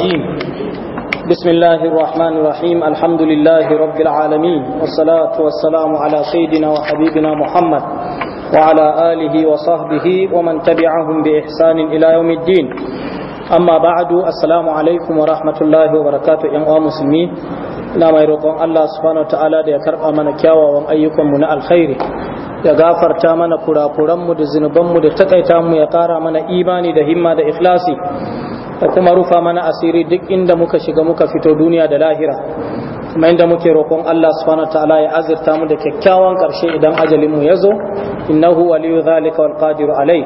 الرجيم بسم الله الرحمن الرحيم الحمد لله رب العالمين والصلاة والسلام على سيدنا وحبيبنا محمد وعلى آله وصحبه ومن تبعهم بإحسان إلى يوم الدين أما بعد السلام عليكم ورحمة الله وبركاته يا مسلمين ina mai roƙon Allah subhanahu ta'ala da ya karɓa mana kyawawan ayyukanmu na alkhairi ya gafarta mana kurakuranmu da zunubanmu da takaita mu ya ƙara mana imani da himma da ikhlasi da kuma rufa mana asiri duk inda muka shiga muka fito duniya da lahira kuma inda muke roƙon Allah subhanahu ta'ala ya azurta mu da kyakkyawan ƙarshe idan ajalin mu yazo innahu waliyu zalika wal qadiru alai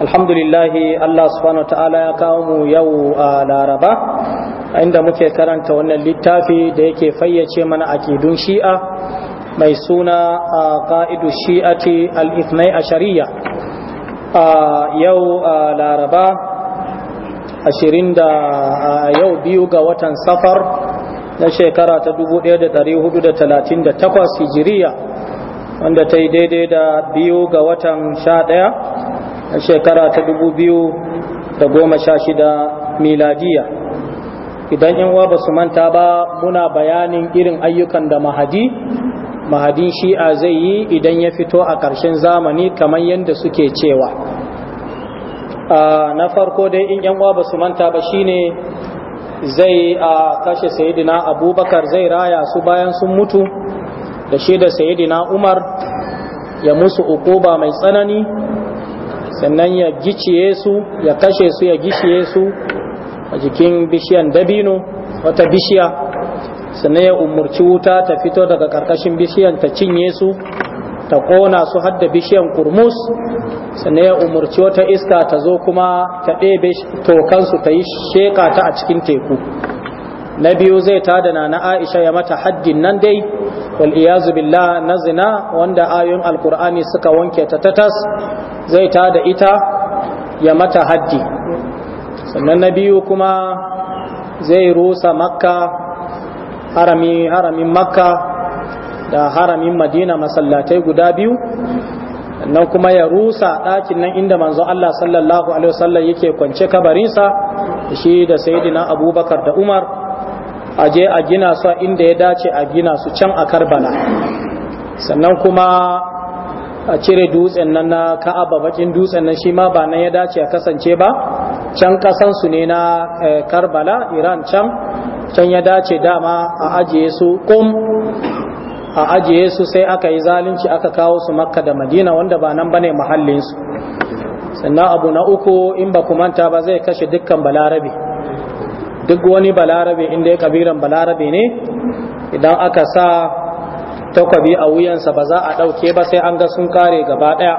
alhamdulillah Allah subhanahu ta'ala ya kawo mu yau a laraba inda muke karanta wannan littafi da yake fayyace mana akidun shi'a mai suna a shi'a shi'ati al-ithnai ashariya yau a laraba ashirin da yau biyu ga watan safar na shekara ta 1438 hijiriya wanda ta yi daidai da biyu ga watan sha ɗaya na shekara ta 2016 miladiya idan yin uwa ba su manta ba muna bayanin irin ayyukan da mahadi mahadin shi'a zai yi idan ya fito a ƙarshen zamani kamar yadda suke cewa na farko dai in yan uwa ba su manta ba shine zai a kashe sayidina abubakar zai raya su bayan sun mutu da shi da sayidina umar ya musu ukuba mai tsanani sannan ya giciye su ya kashe su ya giciye su a jikin bishiyan dabino wata bishiya sannan ya umurci wuta ta fito daga karkashin bishiyan ta cinye su ta ƙona su hadda bishiyan kurmus sannan ya umarci wata iska ta zo kuma ta ɗebe tokansu ta yi sheƙa ta a cikin teku na biyu zai tada na na aisha ya mata haddin nan dai wal iyazu na zina wanda ayoyin alkur'ani suka wanke ta tatas zai tada ita ya mata haddi sannan na biyu kuma zai rusa makka haramin makka da haramin madina masallatai guda biyu nan kuma ya rusa ɗakin nan inda manzo Allah sallallahu alaihi wasallam yake kwance kabarinsa shi da sayyidina abubakar da umar aje a gina su inda ya dace a gina su can a karbala sannan kuma a cire dutsen nan na ka'aba bakin dutsen nan shi ma ba nan ya dace a kasance ba can su ne na eh, karbala iran can can ya dace dama a ajiye su kum a ajiye su sai aka yi zalunci aka kawo su makka da madina wanda ba nan bane su sannan abu na uku in ba manta ba zai kashe dukkan balarabe duk wani balarabe inda ya kabiran balarabe ne idan aka sa takwabi a wuyansa ba za a ɗauke ba sai an ga sun kare gaba ɗaya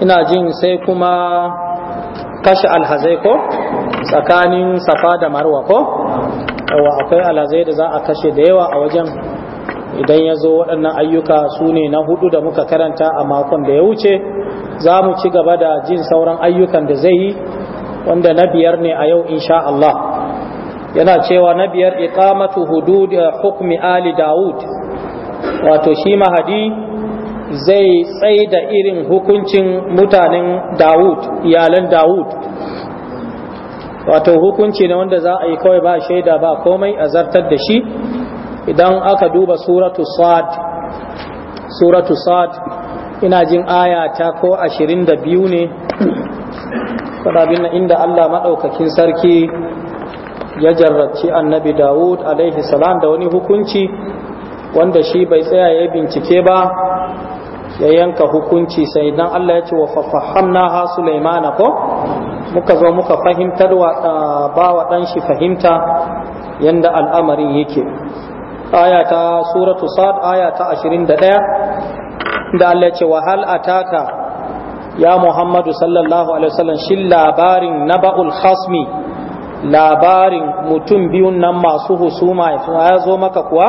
ina jin sai kuma kashe alhazai ko tsakanin safa da marwa ko yawa akwai alhazai da za a kashe da yawa a wajen idan ya zo waɗannan ayyuka su ne na hudu da muka karanta a makon da ya wuce za mu ci gaba da jin sauran ayyukan da zai yi wanda na biyar ne a yau insha Allah yana cewa na biyar iqamatu hudud hukmi ali daud wato shi mahadi zai tsai da irin hukuncin mutanen daud iyalan daud wato hukunci ne wanda za a yi kawai ba shaida ba komai a zartar da shi idan aka duba suratu sad suratu sad ina jin aya ta ko ashirin da biyu ne inda Allah maɗaukakin sarki ya jarrabci annabi Dawud alaihi salam da wani hukunci wanda shi bai tsaya ya bincike ba ya yanka hukunci sai dan Allah ya ce wa fahamna ha Sulaimana ko muka zo muka fahimtar wa ah, ba wa dan shi fahimta yanda al'amarin yake aya ta suratu sad aya ta 21 da Allah ya ce wa hal ataka ya Muhammadu sallallahu alaihi wasallam shin labarin naba'ul khasmi labarin mutum biyun nan masu husuma ya zo maka kuwa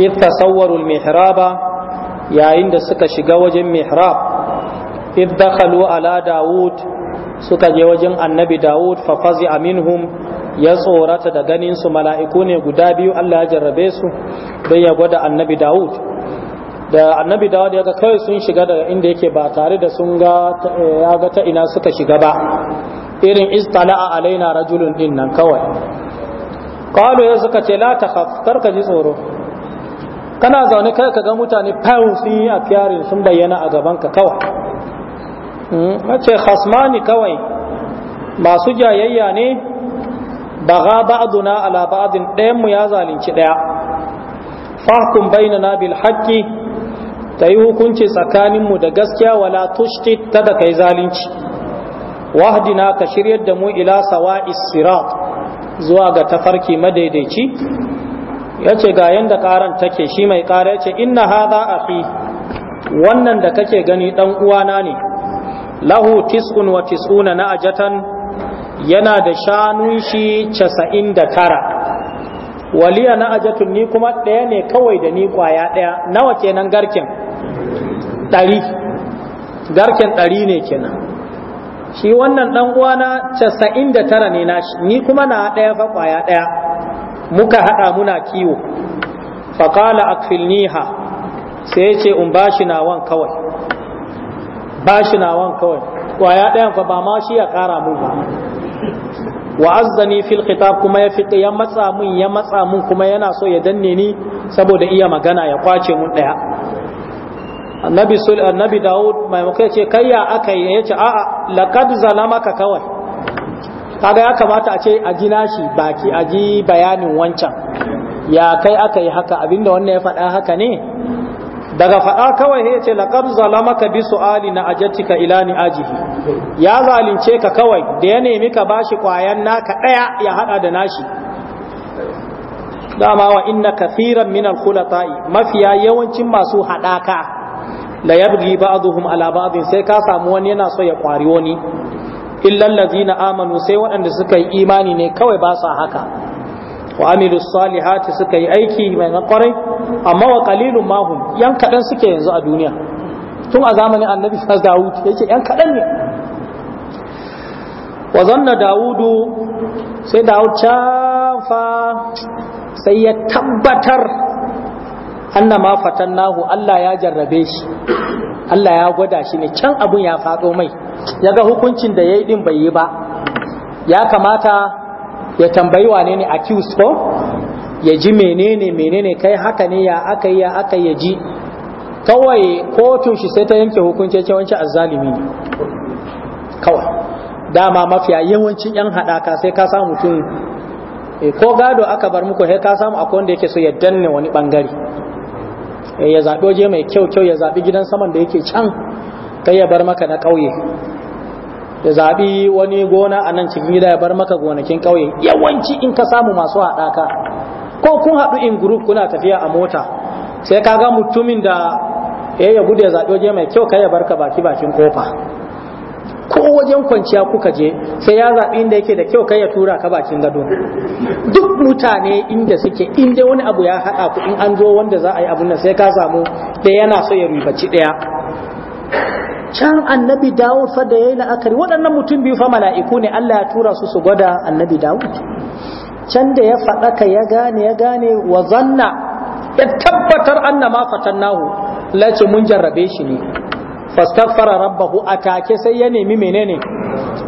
id tasawwarul mihraba yayin da suka shiga wajen mihrab id dakhalu ala daud suka je wajen annabi daud fa fazi aminhum ya tsorata da ganin su mala'iku ne guda biyu Allah ya jarrabe su don ya gwada annabi Dawud da annabi Dawud ya ga kawai sun shiga daga inda yake ba tare da sun ga eh, ya ga ta ina suka shiga ba irin istala'a alaina rajulun din nan kawai qalu ya suka ce la takhaf karka ji tsoro kana zaune kai ka ga mutane fawun sun yi a sun bayyana a gaban ka kawai mace hmm, khasmani kawai masu jayayya ne baga ba'duna ala ba'din ɗayan mu ya zalunci ɗaya fahkum bainana bil haqqi tayi hukunci tsakanin mu da gaskiya wala ta tada kai zalunci wahdina ka shiryar da mu ila sawa sirat zuwa ga tafarki madaidaici yace ga yanda karan take shi mai kara yace inna hadha akhi wannan da kake gani dan uwana ne lahu tis'un wa tis'una na ajatan yana da shanun shi casa'in da tara waliya na ajatun ni kuma ɗaya ne kawai da ni kwaya ɗaya nawa kenan garken ɗari garken ɗari ne kenan shi wannan ɗan casa'in da tara ne nashi ni kuma na ɗaya fa kwaya ɗaya muka haɗa muna kiwo faƙala filniha, sai ce in bashi na wan kawai bashi na wan kawai kwaya ɗayan fa ba ma shi ya ƙara mu ba wa azzani fil kitab kuma ya fiƙi ya matsa mun ya matsa mun kuma yana so ya danne ni saboda iya magana ya kwace mun ɗaya annabi sul annabi daud mai muka ce kai ya aka yi yace a'a laqad ka kawai kaga ya kamata a ce a ji nashi baki a ji bayanin wancan ya kai aka yi haka abinda wannan ya faɗa haka ne daga faɗa kawai ya ce laƙar zalamaka bi su'ali na ajatika ila ni ajihi ya zalunce ka kawai da ya nemi ka bashi ƙwayan naka ɗaya ya haɗa da nashi dama wa inna kafiran min al mafiya yawancin masu haɗaka la yabghi ba'dhum ala ba'dhin sai ka samu wani yana so ya ƙwari wani illal ladzina amanu sai waɗanda suka yi imani ne kawai ba haka wa amilu salihati suka yi aiki mai nakwarai amma wa kalilun ma yan kadan suke yanzu a duniya tun a zamanin annabi sa Dawud yake yan kadan ne wa zanna Dawudu sai Dawud fa sai ya tabbatar anna ma nahu Allah ya jarrabe shi Allah ya gwada shi ne can abun ya faɗo mai ya ga hukuncin da ya yi ɗin bai yi ba ya kamata ya tambayi wane ne accused ko ya ji menene menene kai haka ne ya aka ya aka ya ji kawai kotun shi sai ta yanke hukunci ce wancan azzalimi ne kawai dama mafiya yawancin yan hadaka sai ka samu tun eh, ko gado aka bar muku sai ka samu akwai wanda yake so ya danne wani bangare eh, ya zaɓi waje mai kyau kyau ya zaɓi gidan saman da yake can kai ya bar maka na ƙauye ya zaɓi wani gona a nan cikin gida ya bar maka gonakin ƙauye yawanci in ka samu masu haɗaka ko kun haɗu in group kuna tafiya a mota sai ka ga mutumin da ya ya gudu ya waje mai kyau kai ya barka baki bakin kofa ko wajen kwanciya kuka je sai ya zaɓi inda yake da kyau kai ya tura ka bakin gado duk mutane inda suke inda wani abu ya haɗa ku in an zo wanda za a yi abun nan sai ka samu ɗaya yana so ya rubaci ɗaya can annabi dawud fa da yayi la'akari waɗannan mutum biyu fa mala'iku ne Allah ya tura su su gwada annabi dawud can da ya faɗaka ya gane ya gane wa zanna ya tabbatar anna ma fatannahu lace mun jarrabe shi ne fastaghfara rabbahu atake sai ya nemi menene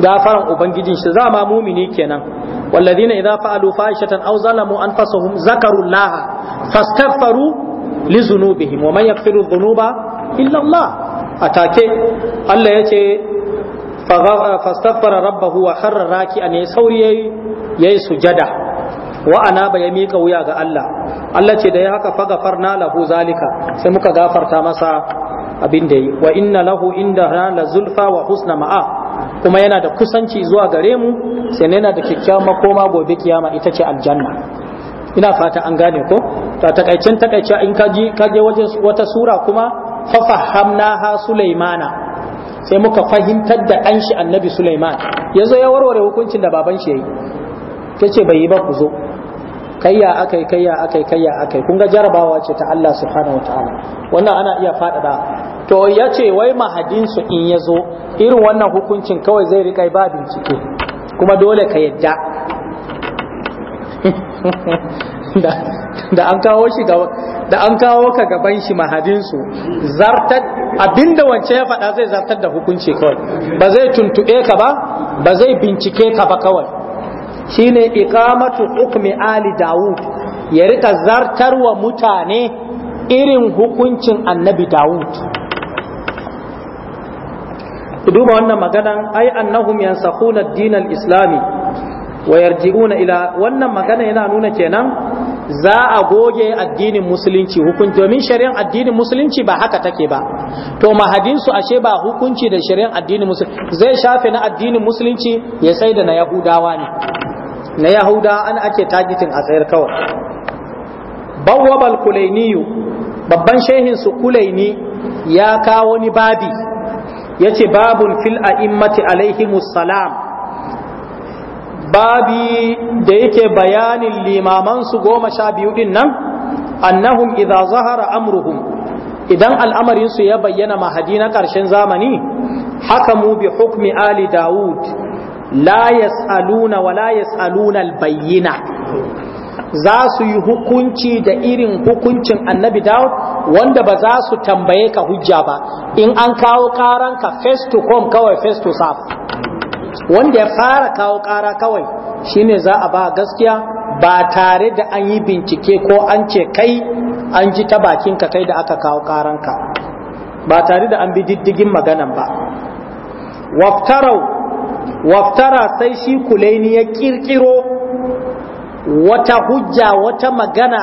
gafaran ubangijin shi za ma mumini kenan walladhina idza fa'alu fahishatan aw Auzalamu an zakaru llaha fastaghfaru li dhunubihim wa man yaghfiru dhunuba illa Allah a take Allah ya ce fastaghfara rabbahu wa kharra raki'an ya sauri yayi yayi sujada wa ana ba ya mika wuya ga Allah Allah ce da ya haka fagafarna lahu zalika sai muka gafarta masa abin da yi wa inna lahu inda la zulfa wa husna ma'a kuma yana da kusanci zuwa gare mu sai yana da kyakkyawan makoma gobe kiyama ita ce aljanna ina fata an gane ko ta takaicen takaice in ka je wajen wata sura kuma fafahamnaha sulaimana sai muka fahimtar da ɗan shi annabi Sulaiman ya zo ya warware hukuncin da baban shi ya yi ta ce bai yi ba ku zo kayya akai kayya akai kayya akai kun ga jarabawa ce ta Allah subhanahu wa ta'ala wannan ana iya faɗaɗa to ya ce wai mahadinsu in ya zo irin wannan hukuncin kawai zai riƙa ba bincike kuma dole ka yadda da an kawo shi ka gaban shi mahadinsu zartar abinda wance ya faɗa zai zartar da hukunci kawai ba zai tuntuɓe ka ba ba zai bincike ka ba kawai shine iqamatu hukmi ali daud ya rika zartar wa mutane irin hukuncin annabi daud duba wannan maganan ai annahum yansakhuna ad islami wa yarji'una ila wannan magana yana nuna kenan za a goge addinin musulunci hukunci domin shari'ar addinin musulunci ba haka take ba to mahadinsu ashe ba hukunci da shari'ar addinin musulunci zai shafe na addinin musulunci ya sai da na yahudawa ne na yahudawa an ake tagitin a tsayar kawai bawwabal kulainiyu babban shehin su kulaini ya kawo ni babi yace babun fil a'immati alaihimus salam babi da yake bayanin limaman su goma sha biyu din nan annahum idza zahara amruhum idan al'amarinsu ya bayyana mahadi na ƙarshen zamani haka bi hukmi ali daud la yas'aluna wa la yas'aluna al-bayyina za su yi hukunci da irin hukuncin annabi Dawud wanda ba za su tambaye ka hujja ba in an kawo karanka face to home kawai face to serve wanda ya fara kawo ƙara kawai shine za a ba gaskiya ba tare da an yi bincike ko an ce kai an ji ta bakinka kai da aka kawo ƙaranka ba tare da an bi diddigin maganan ba waftarau waftara sai shi kulaini ya kirkiro wata hujja wata magana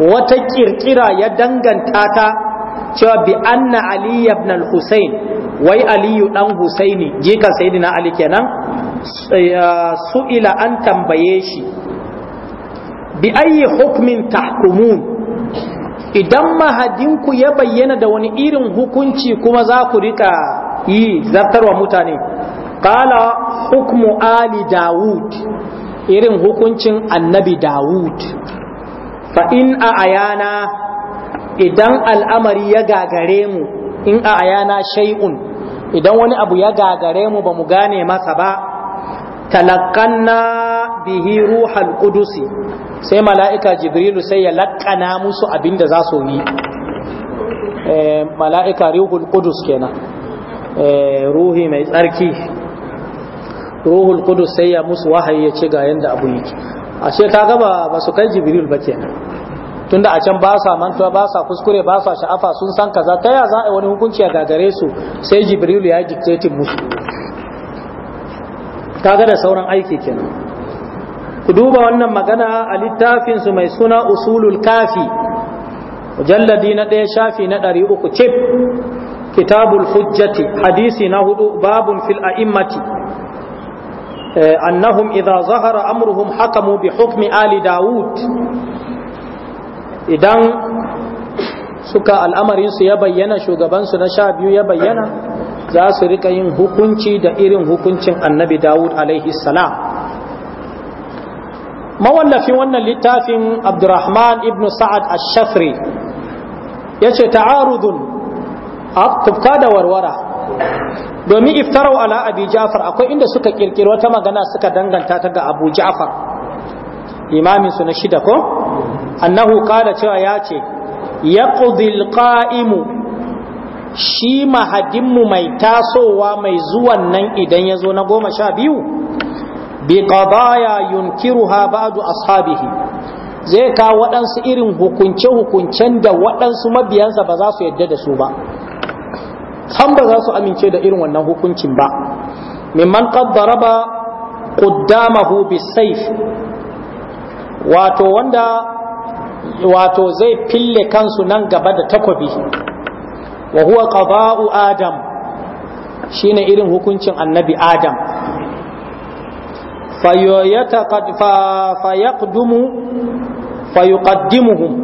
wata kirkira ya danganta ta cewa bi anna ali ibn al-husayn wai aliyu dan husaini jikan sayyidina ali kenan ah, su'ila an tambaye shi bi ayyi hukmin tahkumun idan mahadinku ya bayyana da wani irin hukunci kuma za ku rika yi zartarwa mutane kala hukmu ali dawud irin hukuncin annabi dawud fa in a ayana idan al'amari ya gagare mu in a ayana shay'un idan wani abu ya gagare mu ba mu gane masa ba talakanna bihi ruhal qudusi sai mala'ika jibrilu sai ya laƙana musu abinda za su yi eh, mala'ika ruhul qudus kenan eh, ruhi mai tsarki ruhul qudus sai ya musu wahayi ya ce ga yanda abu yake ashe ta gaba ba su kai jibril ba kenan tunda a can ba sa mantuwa ba sa kuskure ba sa sha'afa sun san kaza ta ya za a wani hukunci a gagare su sai jibrilu ya dictate musu kaga da sauran aiki kenan ku duba wannan magana a littafin su mai suna usulul kafi mujalladi na ɗaya shafi na ɗari uku cif kitabul hujjati hadisi na hudu babun fil a'immati eh, annahum idza zahara amruhum hakamu bi hukmi ali daud idan suka al'amarinsu ya bayyana shugabansu na sha biyu ya bayyana za su rika yin hukunci da irin hukuncin annabi dawud alaihi salam mawallafin wannan littafin abdurrahman ibn sa'ad ash-shafri ya ce ta'arudun tufka da warwara domin iftarau ala abi ja'far akwai inda suka kirkiro wata magana suka danganta ta ga abu ja'far imaminsu na shida ko annahu qala cewa ya ce yaqdil qa'imu shi mahadinmu mai tasowa mai zuwan nan idan ya zo na goma sha biyu bi qadaya yunkiruha ba'du ashabihi zai kawo waɗansu irin hukunce-hukuncen da waɗansu mabiyansa ba za su yadda da su ba san ba za su amince da irin wannan hukuncin ba mimman qaddara ba qaddamahu bisaif wato wanda wato zai fille kansu nan gaba da takobi wa huwa qada'u adam shine irin hukuncin annabi adam fayaqdumu fayuqaddimuhum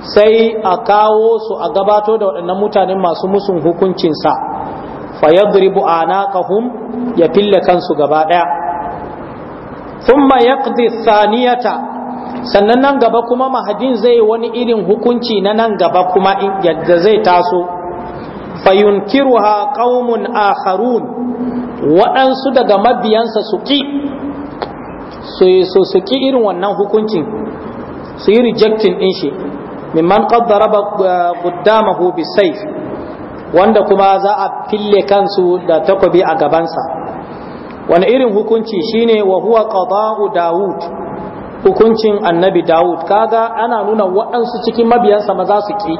sai a kawo su a gabato da waɗannan mutanen masu musun hukuncinsa fayadribu anaqahum ya fille kansu gaba daya thumma yaqdi thaniyata sannan nan gaba kuma mahadin zai wani irin hukunci na nan gaba kuma yadda zai taso fayunkiruha qaumun akharun waɗansu daga mabiyansa su ƙi su ki irin wannan hukuncin su yi rejectin din shi mimman qaddara qaddamahu sai. wanda kuma za a fille kansu da takobi a gabansa wani irin hukunci shine wa huwa qada'u dawud hukuncin annabi Dawud kaga ana nuna waɗansu cikin mabiyansa ma za su ki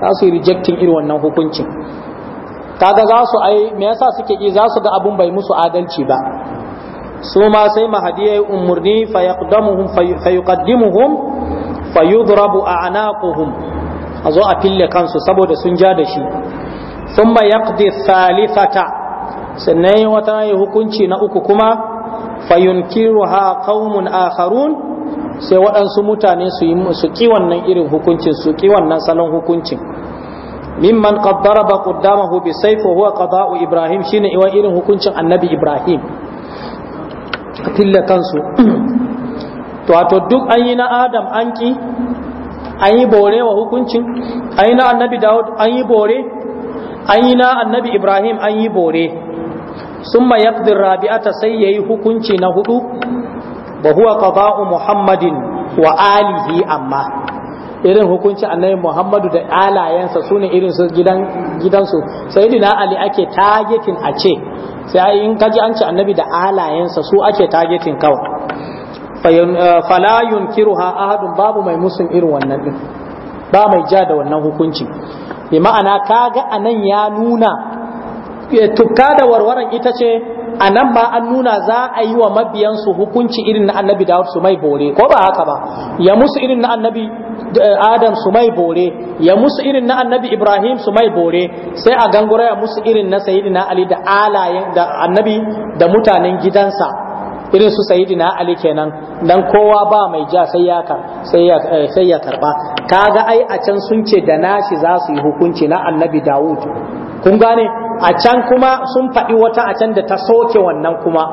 za su rejecting irin wannan hukuncin kaga za su ai me yasa suke ki za su ga abun bai musu adalci ba su ma sai mahadi yayi umurni fa yaqdamuhum fa a ana a zo a fille kansu saboda sun ja da shi thumma yaqdi thalithata sannan wata hukunci na uku kuma fayunkiruha qaumun akharun sai waɗansu mutane su yi su ki wannan irin hukuncin su kiwon wannan salon hukuncin mimman qad daraba qaddamahu bi sayfi huwa qada'u ibrahim shine iwa irin hukuncin annabi ibrahim tilla kansu to wato duk an yi na adam an ki an yi bore wa hukuncin an yi na annabi dawud an yi bore an yi na annabi ibrahim an yi bore sun ma yakdir rabi'ata sai ya yi hukunci na hudu wa huwa qada'u muhammadin wa alihi amma irin hukunci annabi muhammadu da alayensa su ne irin su gidansu sai dina ali ake tagetin a ce sai in kaji an ce annabi da alayensa su ake kawa. kawai eh, fala yunkiruha ahadun babu mai musun irin wannan din ba mai ja da wannan hukunci bi ma'ana kaga anan ya nuna Eh, tukka da warwaran ita ce a nan ma an nuna za a yi wa mabiyansu hukunci irin na annabi Dawud su mai bore ko ba haka ba ya musu irin na annabi eh, Adam su mai bore ya musu irin na annabi Ibrahim su mai bore sai a gangura ya musu irin na na Ali da alayen da annabi da mutanen gidansa irin su na Ali kenan dan kowa ba mai ja sai ya sai ya eh, sai ya karba kaga ai a can sun ce da nashi za su yi hukunci na annabi Dawud kun gane a can kuma sun faɗi wata a can da ta soke wannan kuma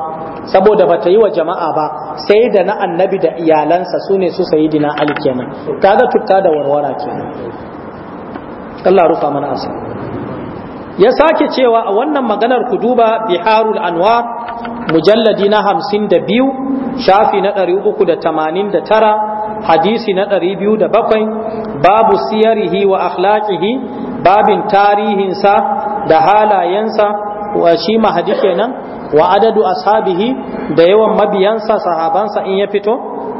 saboda ba ta yi wa jama'a ba sai da na annabi da iyalansa su ne su sayi dina ali kenan ga tutta da warwara kenan Allah rufa mana asiri ya sake cewa a wannan maganar ku duba biharul anwar mujalladi na hamsin da biyu shafi na ɗari uku da tamanin da tara hadisi na ɗari biyu da bakwai babu siyarihi wa akhlaqihi babin tarihinsa da halayensa wa shi mahadi kenan wa adadu ashabihi da yawan mabiyansa sahabansa in ya fito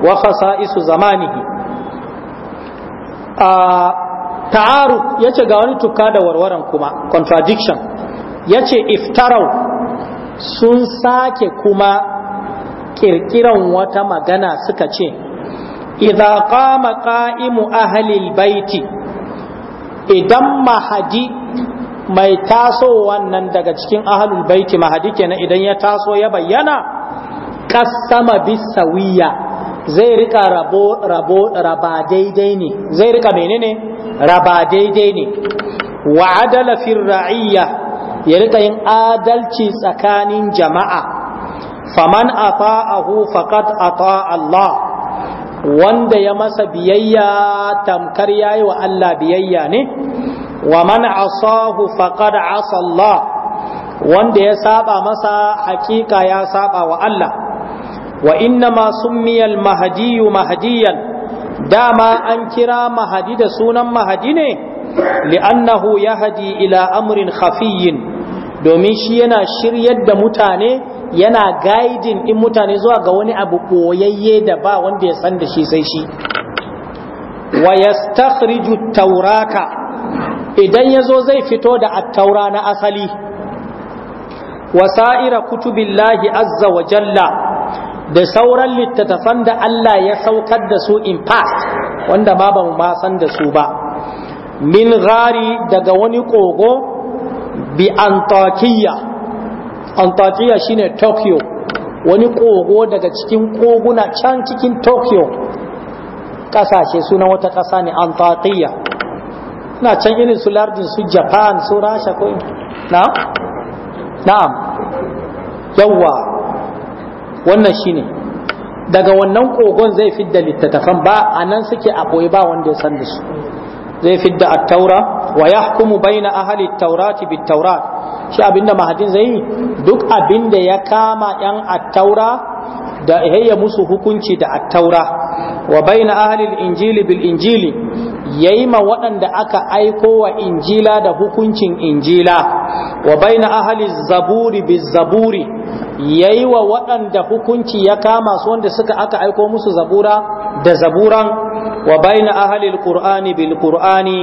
wa khasa'isu zamanihi a ta'aru yace ga wani tuka da warwaran kuma contradiction yace iftarau sun sake kuma kirkiran wata magana suka ce idza qama qa'imu ahli baiti idan mahadi mai taso wannan daga cikin ahalul baiti mahadi kenan idan ya taso ya bayyana kasama bisawiya zai rika rabo rabo raba daidai ne zai rika menene raba daidai ne wa adala ra'iyya ya rika yin adalci tsakanin jama'a faman ata'ahu faqad ata'a Allah wanda ya masa biyayya tamkar yayi wa Allah biyayya ne wa man asahu faqad asa Allah wanda ya saba masa hakika ya saba wa Allah wa inna ma summiya al-mahdi mahdiyan dama an kira mahadi da sunan mahadi ne li'annahu yahdi ila amrin khafiyyin domin shi yana shiryar da mutane yana gaidin in mutane zuwa ga wani abu koyayye da ba wanda ya san da shi sai shi wa yastakhriju taurata idan ya zo zai fito da attaura na asali wasa'ira kutubillahi azza wa jalla da sauran littattafan da Allah ya saukar da su in past wanda ma ba mu ma san da su ba min gari daga wani kogo bi antakiya antakiya shine tokyo wani kogo daga cikin koguna can cikin tokyo kasashe suna wata kasa ne antakiya suna can irin su lardin su japan su rasha ko Na? na'am yawwa wannan shine daga wannan kogon zai fidda littattafan ba a nan suke a ba wanda ya san da su zai fidda da attaura. wa yahkumu baina ahli taura taurati bit-taurat shi abinda mahadin zai yi duk abinda ya kama yan attaura? da yayya musu hukunci da attaura wa baina ahlil injili bil injili yayi ma waɗanda aka aiko wa injila da hukuncin injila wa bayna ahli zaburi bil zaburi yayi wa waɗanda hukunci ya kama su wanda suka aka aiko musu zabura da zaburan wa bayna ahli qur'ani bil qur'ani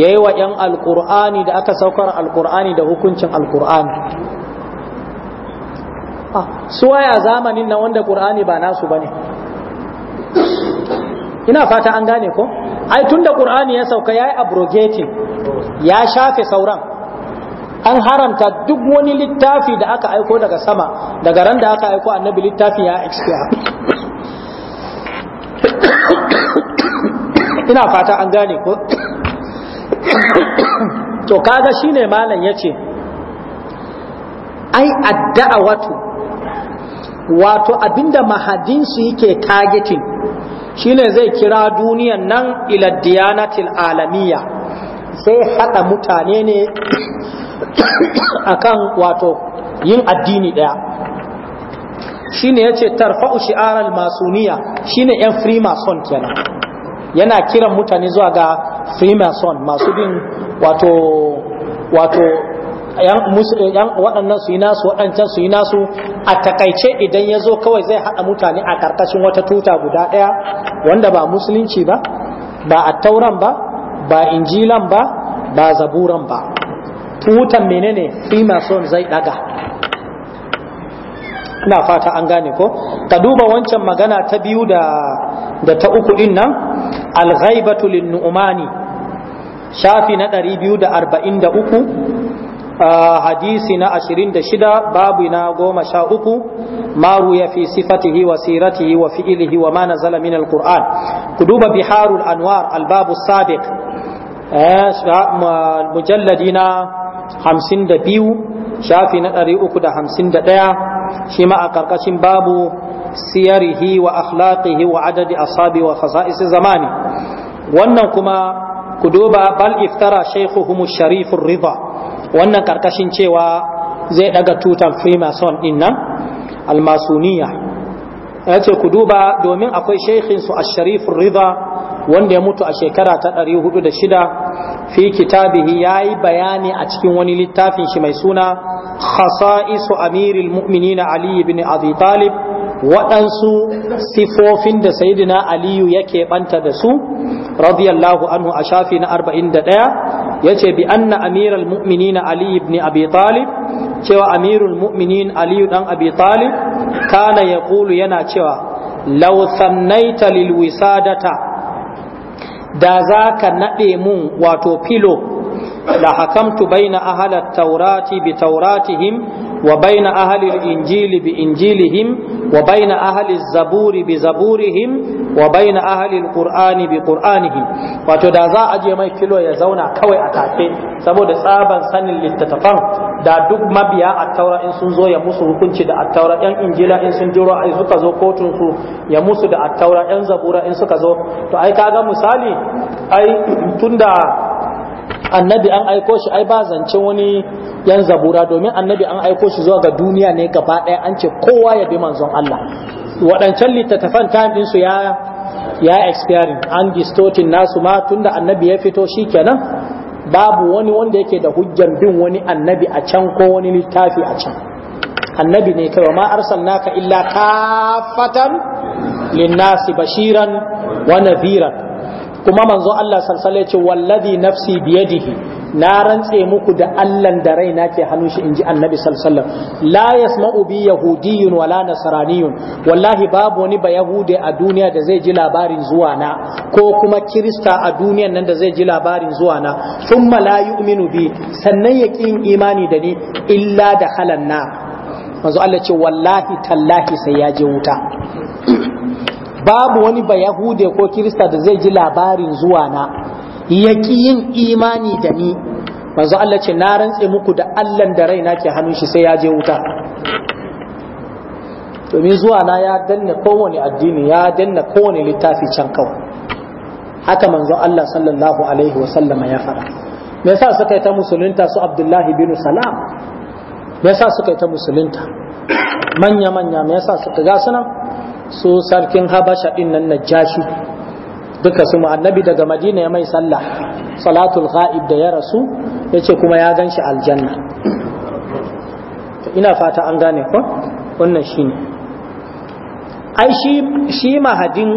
yayi wa yan alqur'ani da aka saukar alqur'ani da hukuncin alqur'ani su waya zamanin nan wanda qur'ani ba nasu bane ina fata an gane ko ai tunda qur'ani ya sauka yayi abrogating ya shafe sauran an haramta duk wani littafi da aka aiko daga sama daga ran da aka aiko annabi littafi ya expire ina fata an gane ko to kaga shine malam yace ai wato wato abinda mahadinsu yake targeting shine zai kira duniyan nan ila diyanatil alamiya sai hada mutane ne akan wato yin addini ɗaya shine yace ce tarfa'u shi'arar masuniya shine 'yan freemason kenan yana kiran mutane zuwa ga freemason masu bin wato waɗannan su yi nasu waɗancan su yi nasu a takaice idan ya zo kawai zai haɗa mutane a ƙarƙashin wata tuta guda ɗaya wanda ba musulunci ba ba a tauran ba ba injilan ba ba zaburan ba tutan menene son zai ɗaga ina fata an gane ko ka duba wancan magana ta biyu da ta uku din nan na ɗari lin-nu'mani shafi na 243 hadisi na ashirin da shida babu na goma sha uku maru ya fi sifatihi wa siratihi wa fi'ilihi wa ma zala min alquran ku duba biharul anwar albabu sabiq mujalladi na hamsin da biyu shafi na ɗari uku da hamsin da ɗaya shi ma a ƙarƙashin babu siyarihi wa akhlaqihi wa adadi a wa khasa'isi zamani wannan kuma ku duba bal iftara shaykhuhum sharifur rida wannan karkashin cewa zai daga tutar freemason din nan almasuniya ya ce ku duba domin akwai shaikhinsu a sharifin rida wanda ya mutu a shekara ta 406 fi kitabihi ya yi bayani a cikin wani littafin shi mai suna khasa'isu amiril mu'minina ali ibn abi talib waɗansu sifofin da saidina aliyu yake banta da su radiyallahu anhu a shafi na 41 yace bi anna amiral mu'minin ali ibn abi talib cewa amirul mu'minin ali dan abi talib kana kulu yana cewa law sannaita lil wisadata da zaka nade mun wato filo la hakamtu na ahalar taurati bi tauratihim wa baina ahli injili bi injilihim wa baina ahli zaburi bi zaburihim wa baina ahli al-qur'ani bi qur'anihim wato da za a je mai kilo ya zauna kawai a tafe saboda tsaban sanin littattafan da duk mabiya attaura in sun zo ya musu hukunci da attaura yan injila in sun jiro ai suka zo ya musu da attaura yan zabura in suka zo to ai kaga misali ai tunda annabi an aiko shi ai ba zancen wani yan zabura domin annabi an aiko shi zuwa ga duniya ne gaba ɗaya an ce kowa ya bi manzon Allah waɗancan littattafan time ɗinsu ya ya expiring an distortin nasu ma tunda annabi ya fito shi kenan babu wani wanda yake da hujjar bin wani annabi a can ko wani littafi a can annabi ne kai ma arsalnaka illa kafatan linnasi bashiran wa nadhiran kuma manzo Allah sallallahu ya ce wallazi nafsi biyadihi na rantse muku da Allah da raina ke hannun shi inji annabi sallallahu la yasma'u bi yahudiyyun wala nasraniyyun wallahi babu wani ba yahude a duniya da zai ji labarin zuwa na ko kuma kirista a duniyan nan da zai ji labarin zuwa na thumma la yu'minu bi sannan ya imani da ni illa da halanna manzo Allah ce wallahi tallahi sai ya je wuta babu wani ba yahude ko kirista da zai ji labarin zuwa na yaki yin imani da ni manzo Allah ce na rantse muku da Allah da raina ke hannun shi sai ya je wuta domin zuwa na ya danna kowane addini ya danna kowane littafi can kawai haka manzo Allah sallallahu alaihi wa sallama ya faɗa me yasa suka yi ta musulunta su Abdullahi bin Salam me yasa suka yi ta musulunta manya manya me yasa suka ga sunan su sarkin habasha din nan najashi duka su mu annabi daga madina ya mai sallah salatul ghaib da ya rasu yace kuma ya ganshi aljanna ina fata an gane ko wannan shine ai shi shi mahadin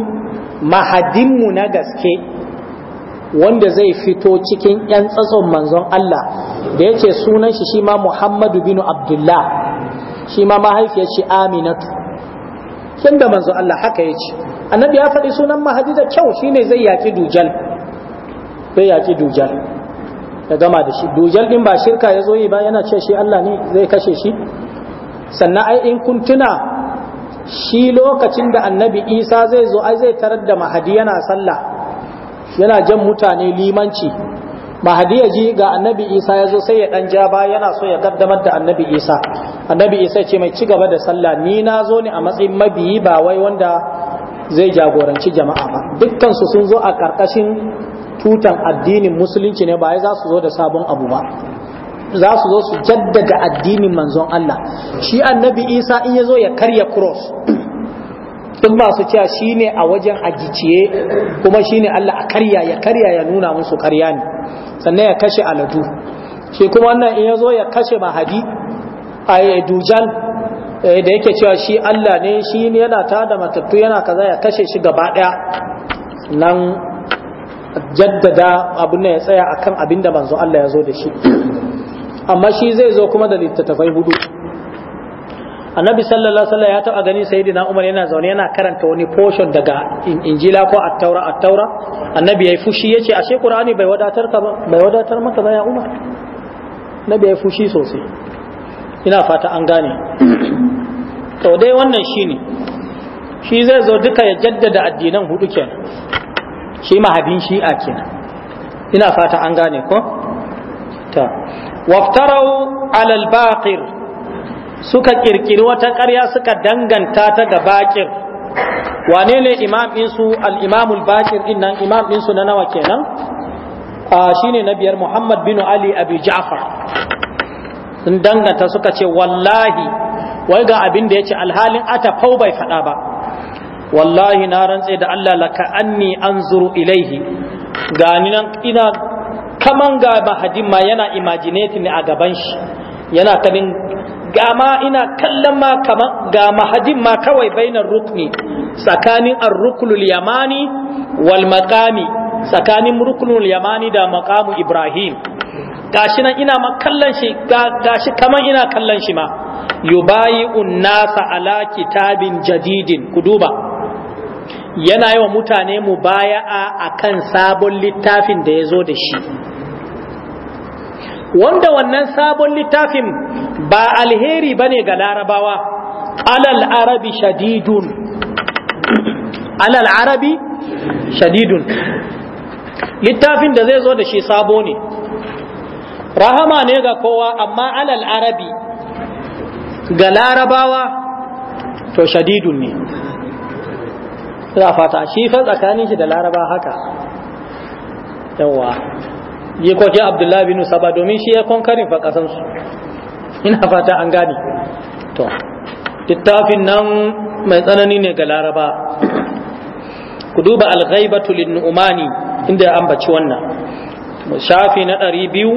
mahadin mu na gaske wanda zai fito cikin yan tsatson manzon Allah da yace sunan shi shi ma Muhammadu bin Abdullah shi ma mahaifiyar shi Aminatu yanda manzo Allah haka ya ce annabi ya faɗi sunan mahadi da kyau shine zai yaƙi dujal zai yaƙi dujal ya gama da shi dujal din ba shirka ya zo yi ba yana ce shi Allah ne zai kashe shi sannan ai in kun tuna shi lokacin da annabi Isa zai zo ai zai tarar da mahadi yana sallah yana jan mutane limanci mahadi ya ji ga annabi isa ya zo sai ya ɗan ja ba yana so ya gaddamar da annabi isa annabi isa ce mai ci gaba da sallah ni na zo ne a matsayin mabiyi ba wai wanda zai jagoranci jama'a ba Dukkansu su sun zo a karkashin tutan addinin musulunci ne ba za su zo da sabon abu ba za su zo su jaddada addinin manzon Allah shi annabi isa in ya zo ya karya cross duk masu cewa shi ne a wajen ajiciye kuma shi ne Allah a karya ya karya ya nuna musu karya ne sannan ya kashe aladu shi kuma wannan in ya zo ya kashe mahadi a eh, dujal eh, da yake cewa shi Allah ne shi yana tada matattu yana kaza ya kashe shi gaba daya nan jaddada abin ya tsaya akan abin da manzo Allah ya zo da shi amma shi zai zo kuma da littattafai hudu annabi sallallahu alaihi wasallam ya taba gani sayyidina umar yana zaune yana karanta wani portion daga injila ko at-taura at-taura annabi yayi fushi yace ashe qur'ani bai wadatar ka bai wadatar maka ba ya umar annabi yayi fushi sosai ina fata an gane to dai wannan shine shi zai zo duka ya jaddada addinan hudu kenan shi mahadin shi'a kenan ina fata an gane ko ta waftarau alal baqir suka kirkiri wata ƙarya suka danganta ta da bakir wane ne imam alimamul bakir din nan imam insu na nawa kenan shi ne na biyar muhammad bin ali abu ja'far sun danganta suka ce wallahi wai ga abin da ya ce alhalin ata fau bai fada ba wallahi na rantse da Allah laka anni zuru ilaihi gani nan ina kaman ga mahadin ma yana imaginating ne a gaban shi yana kanin ma ina kallon ma kama ga mahajin ma kawai bainar rukni tsakanin ar yamani wal maqami tsakanin ruknul yamani da maqamu ibrahim gashi nan ina ma kallon shi gashi kaman ina kallon shi ma yubayi'un nasa ala kitabin jadidin kuduba yana yi wa mutane mubaya'a akan sabon littafin da ya zo da shi wanda wannan sabon littafin ba alheri bane ga larabawa alal arabi shadidun alal arabi shadidun littafin da zai zo da shi sabo ne rahama ne ga kowa amma alal arabi ga larabawa to shadidun ne za fata shi fa tsakanin shi da larabawa haka yawa jikokin abdullahi bin saba domin shi ya konkarin fa kasansu ina fata an gane to littafin nan mai tsanani ne ga laraba ku duba alghaibatu linnu'mani inda ya ambaci wannan shafi na ɗari biyu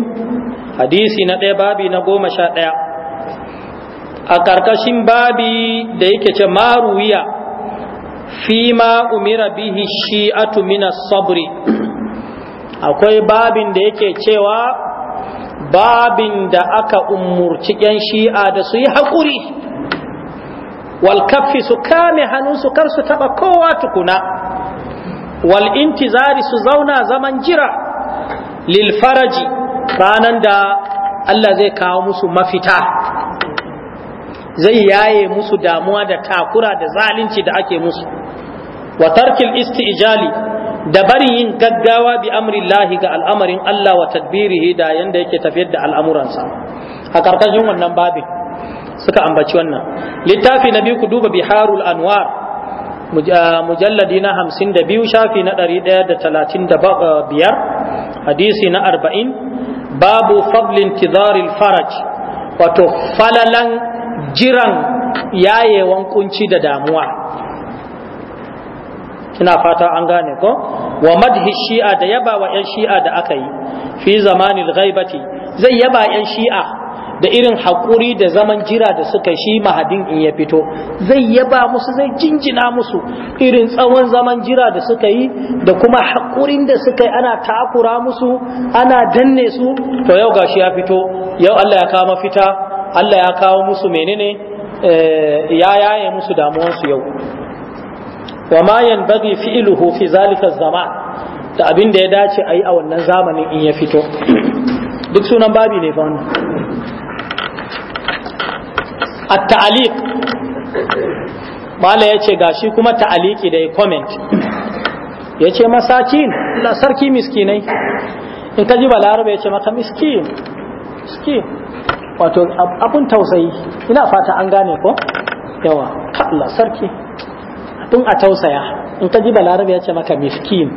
hadisi na ɗaya babi na goma ɗaya a karkashin babi da yake ce maruwiya fi ma umira bihi shi'atu minas sabri akwai babin da yake cewa babin da aka umurci yan shi'a da su yi haƙuri walkafi su kame su kar su taɓa kowa tukuna wal intizari su zauna zaman jira Lil Faraji, ranar da Allah zai kawo musu mafita zai yaye musu damuwa da takura da zalunci da ake musu wa tarkil isti'jali da barin yin gaggawa bi amrillahi ga al'amarin Allah wa tadbirihi da yanda yake tafiyar da al'amuransa a karkashin wannan babin suka ambaci wannan littafi na biyu ku duba biharul anwar ah, mujalladi na hamsin da biyu shafi na ɗari ɗaya da talatin da ah, biyar hadisi na arba'in babu fablin tizaril faraj wato falalan jiran yayewan kunci da damuwa ina fata an gane ko wa madhi shi'a da yaba wa yan shi'a da aka yi fi zamanil ghaibati zai yaba yan shi'a da irin hakuri da zaman jira da suka shi mahadin in ya fito zai yaba musu zai jinjina musu irin tsawon zaman jira da suka yi da kuma haƙurin da suka yi ana takura musu ana danne su to yau gashi ya fito yau Allah ya kawo mafita Allah ya kawo musu menene eh, ya yaye musu damuwansu yau wa ma yanbaghi fi'luhu fi zalika zaman da abin da ya dace a yi a wannan zamanin in ya fito duk sunan babi ne fa wannan at-ta'liq mala yace gashi kuma ta'liqi da comment yace masakin la sarki miskinai in ka ji balarabe yace maka miskin miskin wato abun tausayi ina fata an gane ko yawa Allah sarki tun a tausaya in ka ji balarabe ya ce maka miskin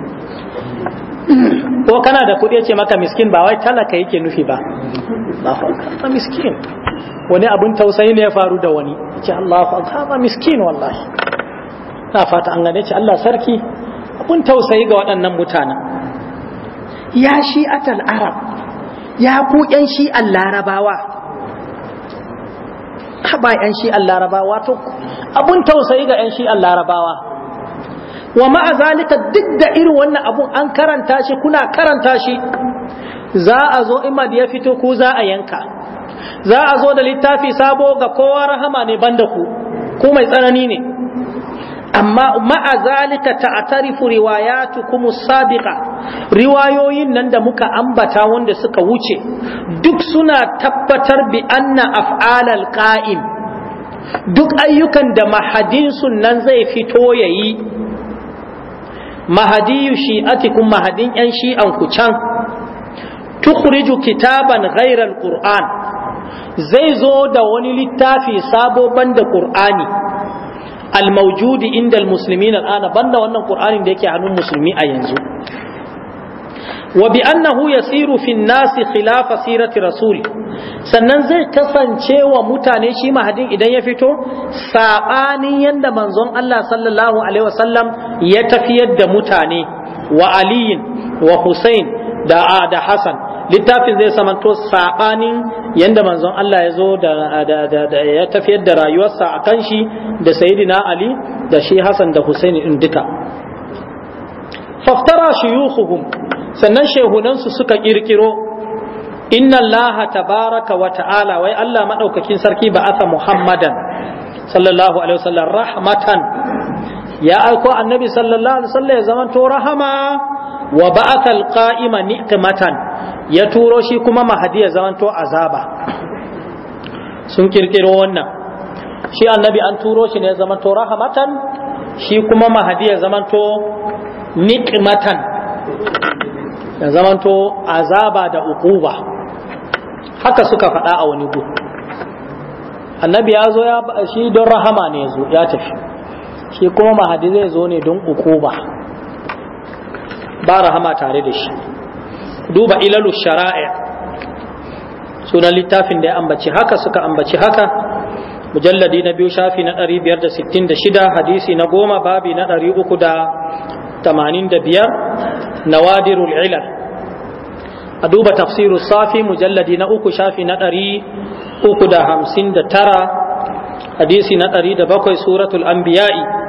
ko kana da kuɗi ya ce maka miskin ba wai talaka yake nufi ba Allahu miskin wani abun tausayi ne ya faru da wani ce Allahu ba miskin wallahi na fata an gane ce Allah sarki abun tausayi ga waɗannan mutanen ya shi atal arab ya ku yan shi larabawa haba yan shi Allah to abun tausayi ga yan shi Allah wa ma'a zalika duk da irin wannan abun an karanta shi kuna karanta shi za a zo in ya fito ku za a yanka za a zo da littafi sabo ga kowa rahama ne banda ku ku mai tsanani ne amma ma'a zalika ta'tarifu riwayatukum sabiqa riwayoyin nan da muka ambata wanda suka wuce duk suna tabbatar bi anna af'alal qa'im duk ayyukan da mahadin nan zai fito yayi mahadiyu shi'atikum mahadin yan shi'an ku can tukhriju kitaban ghairal qur'an zai zo da wani littafi sabo banda qur'ani Almaujudi inda al-muslimin al'ana banda wannan qur'anin da yake hannun musulmi a yanzu wa bi annahu yasiru fi nasi khilafa sirati rasul sannan zai kasance wa mutane shi mahadin idan ya fito sabanin yanda manzon Allah sallallahu alaihi wasallam ya tafiyar da mutane wa aliyin wa husain da da hasan littafin zai samanto sabanin yanda manzon Allah ya zo da ya tafiyar da rayuwarsa a kan shi da sayyidina Ali da shi Hassan da Husaini din duka faftara shuyukhuhum sannan shehunansu suka kirkiro inna Allah tabaraka wa ta'ala wai Allah madaukakin sarki ba'atha Muhammadan sallallahu alaihi wasallam rahmatan ya aiko annabi sallallahu alaihi wasallam ya zamanto rahama wa ba'athal qa'ima ni'matan ya turo shi kuma mahadi ya zamanto azaba sun kirkiro wannan shi annabi an turo shi ne ya zamanto rahmatan shi kuma mahadi ya zamanto nikmatan ya zamanto azaba da ukuba haka suka faɗa a wani gu annabi ya zo ya shi don rahama ne ya tafi shi kuma mahadi zai zo ne don ukuba ba rahama tare da shi duba ilalu shara'a sunan littafin da ya ambaci haka suka ambaci haka mujalladi na biyu shafi na 566 hadisi na goma babi na 385 nawadirul ilal a duba tafsiru safi mujalladi na uku shafi na 359 hadisi na bakwai suratul anbiya'i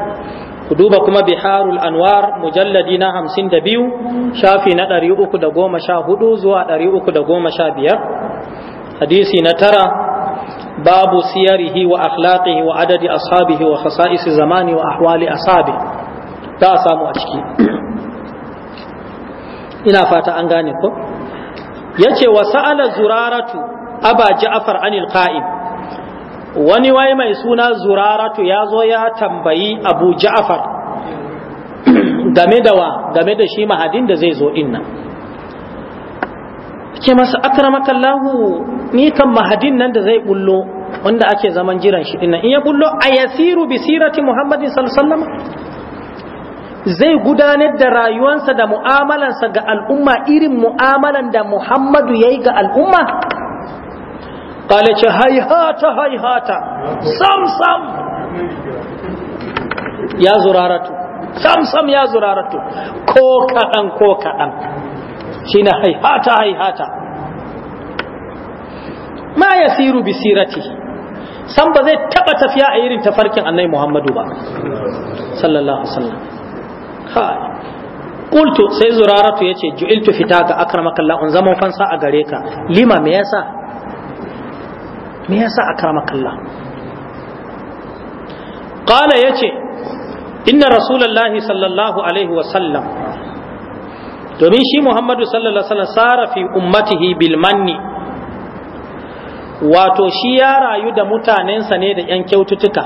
ku duba kuma biharul anwar mujalladi na hamsin da biyu shafi na ɗari uku da goma sha hudu zuwa ɗari uku da goma sha biyar hadisi na tara babu siyarihi wa akhlaqihi wa adadi ashabihi wa khasa'isi zamani wa ahwali ashabi ta a samu a ciki ina fata an gane ko yace wa sa'ala zuraratu aba ja'far anil qa'im wani wai mai suna zuraratu ya zo ya tambayi abu ja'afar game da wa game da shi mahadin da zai zo inna ke masa akramakallahu ni kan mahadin nan da zai bullo wanda ake zaman jiran shi dinnan in ya bullo a yasiru bi sirati muhammadin sallallahu zai gudanar da rayuwansa da mu'amalansa ga al'umma irin mu'amalan da muhammadu ya yi ga al'umma قال هيهات هيهات سم سم يا زرارة سم سم يا زرارة كوكا أن كوكا أن شين هيهات هيهات ما يسير بسيرته san ba zai taba tafiya a irin tafarkin annai muhammadu ba sallallahu alaihi wasallam qultu sai zuraratu yace ju'iltu fitaka akramaka Allah un zaman fansa a gare ka lima me yasa me yasa kalla? kallah ya ce, inna rasulullahi sallallahu alaihi wasallam domin shi muhammadu sallallahu alaihi wasallam sara ummatihi bilmanni, wato shi ya rayu da mutanensa ne da yan kyaututtuka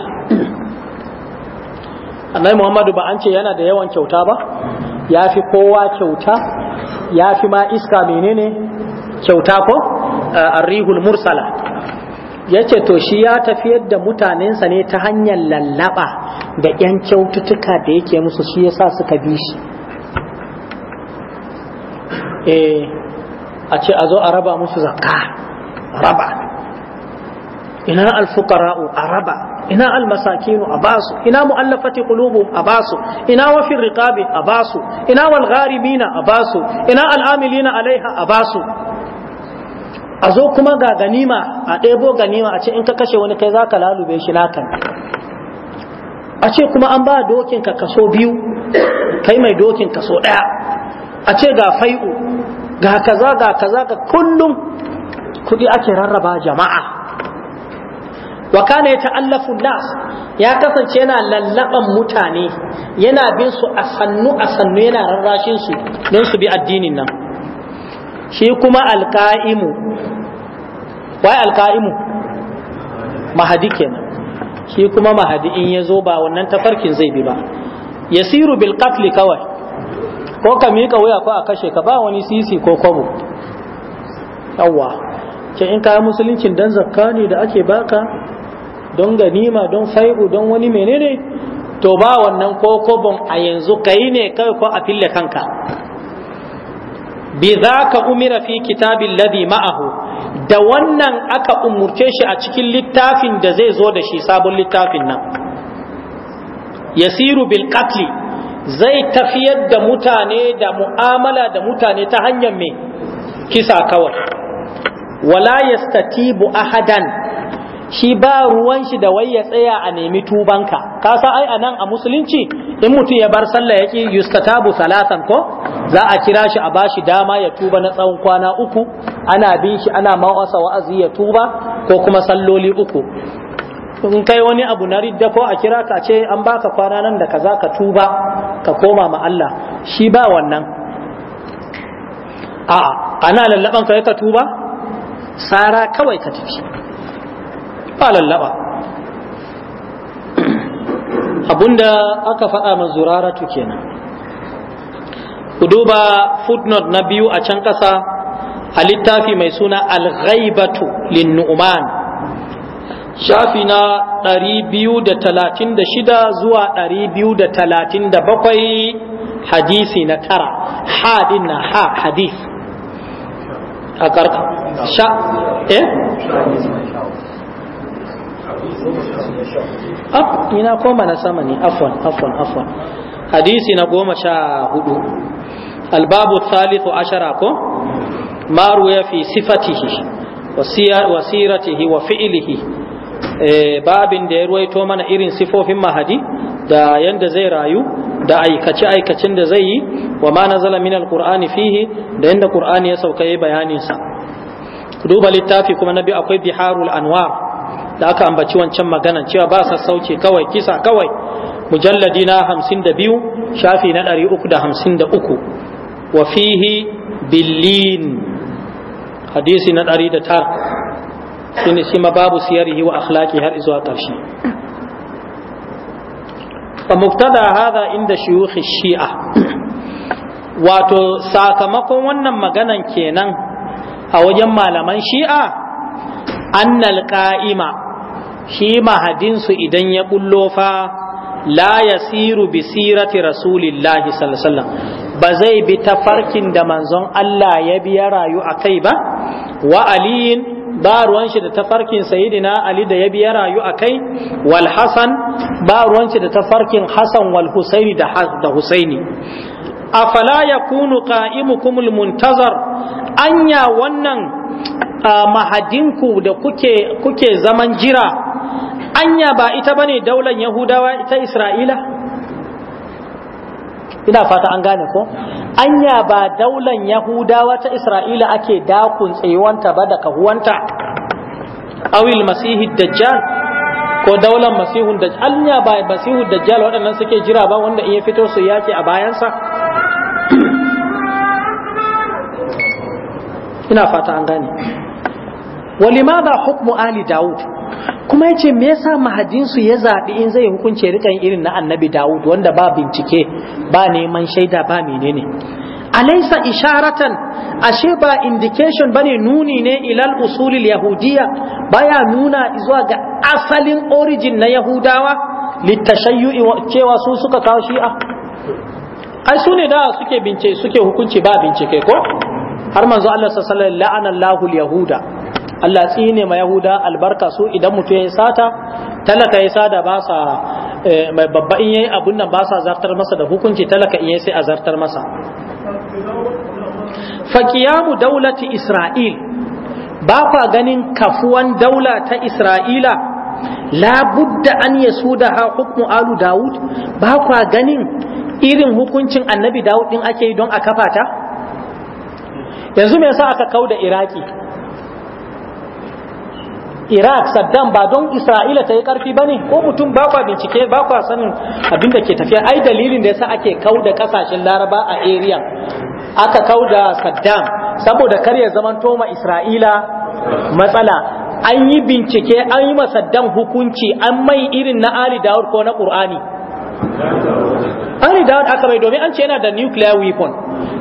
annabi muhammadu ba an ce yana da yawan kyauta ba ya fi kowa kyauta ya fi ma iska menene kyauta ko Arihul mursala ya ce to shi ya tafiyar da mutanensa ne ta hanyar lallaba da 'yan kyaututtuka da yake musu shi yasa suka bi shi eh, a ce a zo a raba musu zakka raba ina alfukara'u a raba ina almasakinu a basu ina mu'allafati qulubu a basu ina wafin riqabi a basu ina walgharibina a basu ina al'amilina alaiha a basu a zo kuma ga ganima a ɗebo ganima a ce in ka kashe wani kai za ka lalube shi nakan a ce kuma an ba dokin ka kaso biyu kai mai dokin kaso ɗaya a ce ga fai'u ga kaza ga kaza ga kullum kuɗi ake rarraba jama'a wa kana ya ta'allafu nas ya kasance yana lallaban mutane yana bin su a sannu a sannu yana rarrashin su don su bi addinin nan shi kuma alƙa'imu wai alƙa'imu mahadi kenan shi kuma mahadi in ya zo ba wannan tafarkin zai bi ba yasiru bil qatli kawai ko ka miƙa wuya ko a kashe ka ba wani sisi ko kwabo yawwa ke in kayan musuluncin don zakka ne da ake baka don ganima don fai'u don wani menene to ba wannan ko kobon a yanzu ka yi ne kai ko a fille kanka bi zaka umira fi kitabin ladhi ma'ahu da wannan aka umurce shi a cikin littafin da zai zo da shi sabon littafin nan yasiru bil zai tafiyar da mutane da mu'amala da mutane ta hanyar mai kisa kawai wala yastatibu ahadan shi ba ruwan shi da wai ya tsaya a nemi tubanka ka sa ai anan a musulunci in mutum ya bar sallah yake yustatabu salasan ko za a kira shi a bashi dama ya tuba na tsawon kwana uku ana bin shi ana mawasa wa'azi ya tuba ko kuma salloli uku in kai wani abu na ridda ko a kira ka ce an baka kwana nan da ka za ka tuba ka koma ma Allah shi ba wannan a ana lallaban ka ka tuba sara kawai ka tafi ba lallaba abunda aka faɗa ma zuraratu kenan ku duba footnote na biyu a can ƙasa a littafi mai suna al-ghaibatu lin-nu'man shafi na 236 zuwa 237 hadisi na tara hadin na ha hadis a karka sha eh ah, ina koma na sama ne afwan afwan afwan hadisi na goma sha hudu albabu thalithu ashara ko ma ruwaya fi sifatihi wa siratihi wa fi'lihi babin da ya ruwaito mana irin sifofin mahadi da yanda zai rayu da aikace aikacen da zai yi wa ma nazala min alqur'ani fihi da yanda qur'ani ya sauka yi bayanin sa duba littafi kuma na bi akwai biharul anwar da aka ambaci wancan maganan cewa ba sassauci kawai kisa kawai mujalladi na hamsin da biyu shafi na ɗari uku da hamsin da uku Wafihi fihi billin hadisi na ɗari da tar shine shi ma babu siyarihi wa akhlaqi har zuwa ƙarshe fa muktada hada inda shuyukh shi'a wato sakamakon wannan maganan kenan a wajen malaman shi'a annal qa'ima shi mahadinsu idan ya bullo fa la yasiru bi sirati rasulillahi sallallahu alaihi wasallam ba zai bi tafarkin da manzon Allah ya biya rayu a kai ba wa aliyin ba ruwan shi da tafarkin sayidina Ali da ya biya rayu a kai wal ba ruwan shi da tafarkin Hasan wal Husaini da A Husaini ya kunu ka'imu al muntazar anya wannan mahadinku da kuke zaman jira anya ba ita ne daular Yahudawa ita Isra'ila ina fata an gane ko anya ba daular yahudawa ta isra'ila ake dakun tsayuwanta ba da kahuwanta awil masihi dajjal ko daular masihun dajjal anya ba masihu dajjal waɗannan suke jira ba wanda in ya fito su yaki a bayansa ina fata an gane ba hukmu ali daud kuma ya ce me yasa mahajinsu ya zaɓi in zai hukunce rikan irin na annabi dawud wanda ba bincike ba neman shaida ba menene alaisa isharatan ashe ba indication bane nuni ne ilal usulil yahudiya baya nuna zuwa ga asalin origin na yahudawa litashayyu'i cewa su suka kawo shi'a ai su ne da suke hukunci ba bincike ko har manzo Allah sallallahu alaihi wasallam la'ana Allahul yahuda Allah ne ma Yahuda albarka su idan mutum ya sata talaka ya sada ba sa eh, mai babba in yayi abun nan ba sa zartar masa da hukunci talaka in yayi sai a zartar masa fa qiyamu daulati Isra'il ba fa ganin kafuwan daula ta Isra'ila la budda an ha hukmu alu Dawud ba kwa ganin irin hukuncin annabi Dawud din ake yi don a kafata yanzu me yasa aka kauda Iraki iraq saddam ba don isra'ila ta yi karfi ba ne ko mutum ba kwa bincike ba kwa sanin abin da ke tafiya ai dalilin da yasa ake kau da kasashen laraba a area aka kau da saddam saboda kar ya zaman toma isra'ila matsala an yi bincike an yi saddam hukunci an mai irin na ali dawud ko na ƙur'ani an da aka mai domin an ce yana da nuclear weapon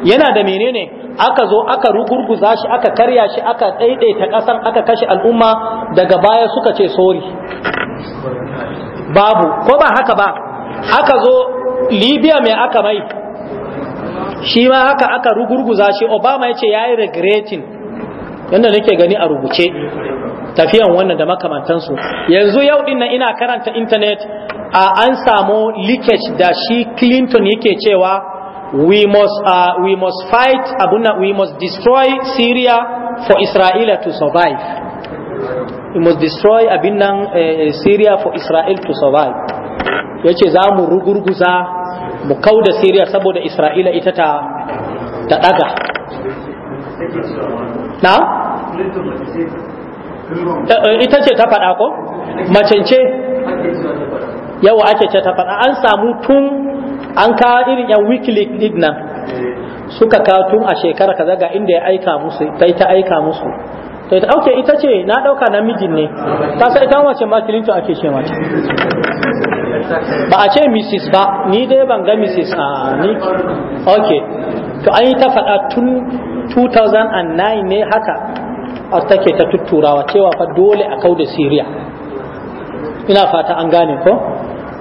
yana da menene aka zo aka rugurguza shi aka karya shi aka daidaita kasan aka kashe al'umma daga baya suka ce sorry babu ko ba haka ba aka zo libya mai aka mai shi ma haka aka rugurguza shi obama ya ce ya yi regretting yadda nake gani a rubuce tafiyan wannan da makamantansu yanzu yau din nan ina karanta internet a an samu leakage da shi Clinton yake cewa we must uh, we must fight abuna we must destroy Syria for Israel to survive we must destroy abin uh, Syria for Israel to survive yace za mu rugurguza mu kauda Syria saboda israel ita ta ta daga na Eh, ita ce ta faɗa ko macence yawa ake ce ta faɗa an samu tun an kawo irin yan weekly din nan suka kawo tun a shekara kaza ga inda ya aika musu ta aika musu ta ita auke ita ce na ɗauka namijin ne ta sai ita wace ma kilinto ake ce mata ba a ce mrs ba ni dai ban ga mrs a ni ok to an yi ta faɗa tun 2009 ne haka a take ta tutturawa cewa fa dole a kauda Siriya ina fata an gane ko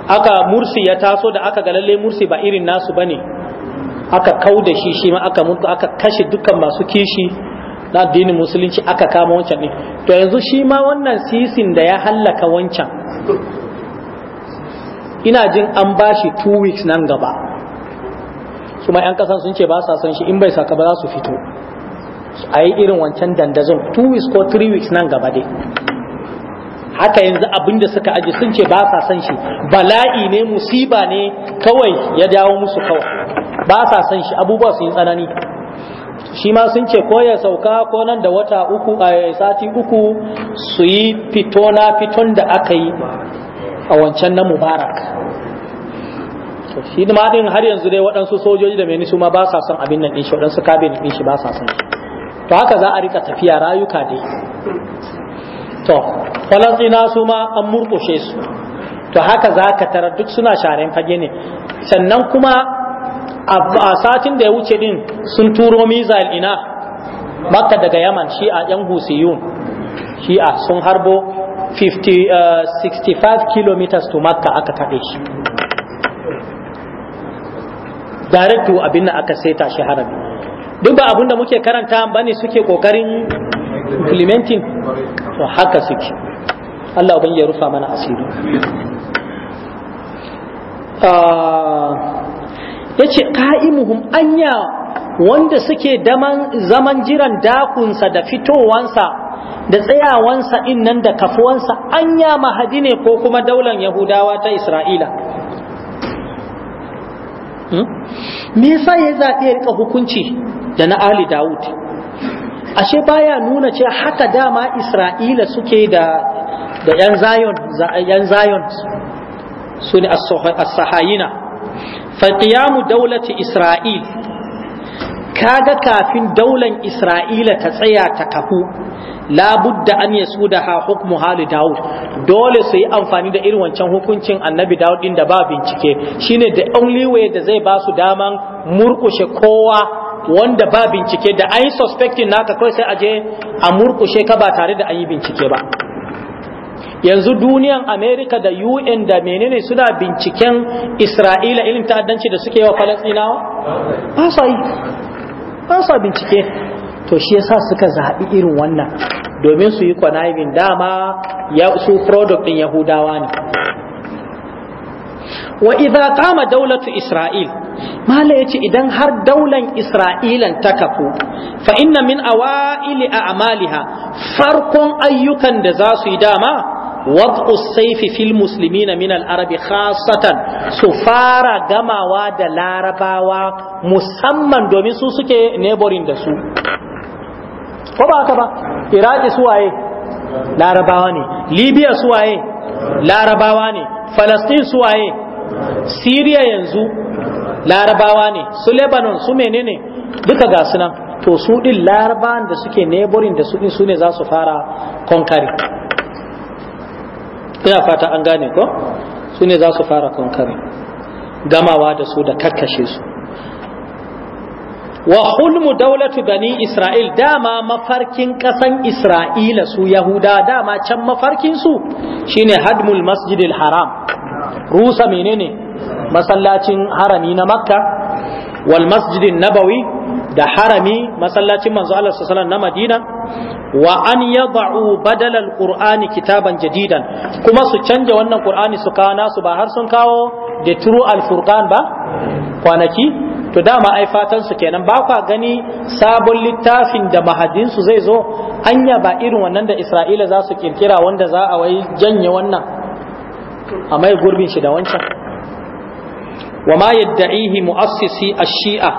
aka Mursi ya taso da aka ga Mursi ba irin nasu bane aka kauda shi shi ma aka mutu aka kashe dukkan masu kishi na addinin musulunci aka kama wancan ne to yanzu shi ma wannan sisin da ya hallaka wancan ina jin an bashi two weeks nan gaba kuma 'yan kasan sun ce ba sa san shi in bai saka ba za su fito a yi irin wancan dandazon two weeks ko three weeks nan gaba dai haka yanzu abin da suka aji sun ce ba sa san shi bala'i ne musiba ne kawai ya dawo musu kawai ba sa san shi abubuwa su yi tsanani shi ma sun ce ko ya sauka ko nan da wata uku a eh, sati uku su yi fito fiton da aka yi a wancan na mubarak shi ma din har yanzu dai waɗansu sojoji da mai nisu ma ba sa son abin nan ɗin shi waɗansu kabin ɗin shi ba sa son shi to haka za a rika tafiya rayuka dai to falazina su ma an murkushe su to haka za ka tara duk suna sharen fage ne sannan kuma a satin da ya wuce din sun turo mizal ina makka daga yaman shi'a yan shi a sun harbo 65 eh, kilometers to makka aka kaɗe shi direct abin da aka saita shi harabi duk ba abinda muke karanta ne suke ƙoƙarin implementing to haka suke Allah ya rufa mana asiri ah, ce qa'imuhum anya wanda suke zaman jiran dakunsa da fitowansa da tsayawansa innan da kafuwansa anya mahadi ne ko kuma daular yahudawa ta isra'ila hmm? me yasa ya zaɓe ya rika hukunci da na ali dawud ashe baya nuna ce haka dama isra'ila suke da da yan zayon yan zayon su ne as-sahayina fa qiyamu dawlati isra'il kaga kafin daular isra'ila ta tsaya ta kafu labudda an yasu da ha hukmu hali dawud dole su yi amfani da irin wancan hukuncin annabi dawud din da ba bincike shine the only way da zai ba su daman murkushe kowa wanda ba bincike da an yi suspecting naka kawai sai aje a murkushe ka ba tare da ayi bincike ba yanzu duniyan america da un da menene suna binciken isra'ila ilin ta'addanci da suke wa falastinawa ba sa yi ba sa bincike to shi yasa suka zaɓi irin wannan domin su yi conniving dama ya su product ɗin yahudawa ne wa idza qama dawlatu isra'il mala yace idan har daulan isra'ilan ta kafu fa inna min awa'ili a'maliha farkon ayyukan da za su yi dama wad'u sayfi fil muslimina min al arabi khassatan su fara gamawa da larabawa musamman domin su suke neighboring da su ko ba haka ba iraki suwaye larabawa ne libya suwaye larabawa ne falastin suwaye Siriya yanzu larabawa ne su Lebanon su menene duka ga sunan to su din larabawan da suke neighboring da su din su ne za su fara konkari ina fata an gane ko su ne za su fara konkari gamawa da su da kakkashe su wa hulmu daulatu bani isra'il dama mafarkin kasan isra'ila su yahuda dama can mafarkin su shine hadmul masjidil haram rusa menene masallacin harami na makka wal masjidin nabawi da harami masallacin manzo Allah sallallahu na Madina wa an yad'u badal alqur'ani kitaban jadidan kuma su canja wannan qur'ani su kawo nasu ba har sun kawo da turu alfurqan ba kwanaki to dama ai fatan su kenan ba kwa gani sabon littafin da mahadin su zai zo anya ba irin wannan da Isra'ila za su kirkira wanda za a wai janye wannan a mai gurbin shi da wancan wa ma yadda'ihi mu'assisi ash-shi'a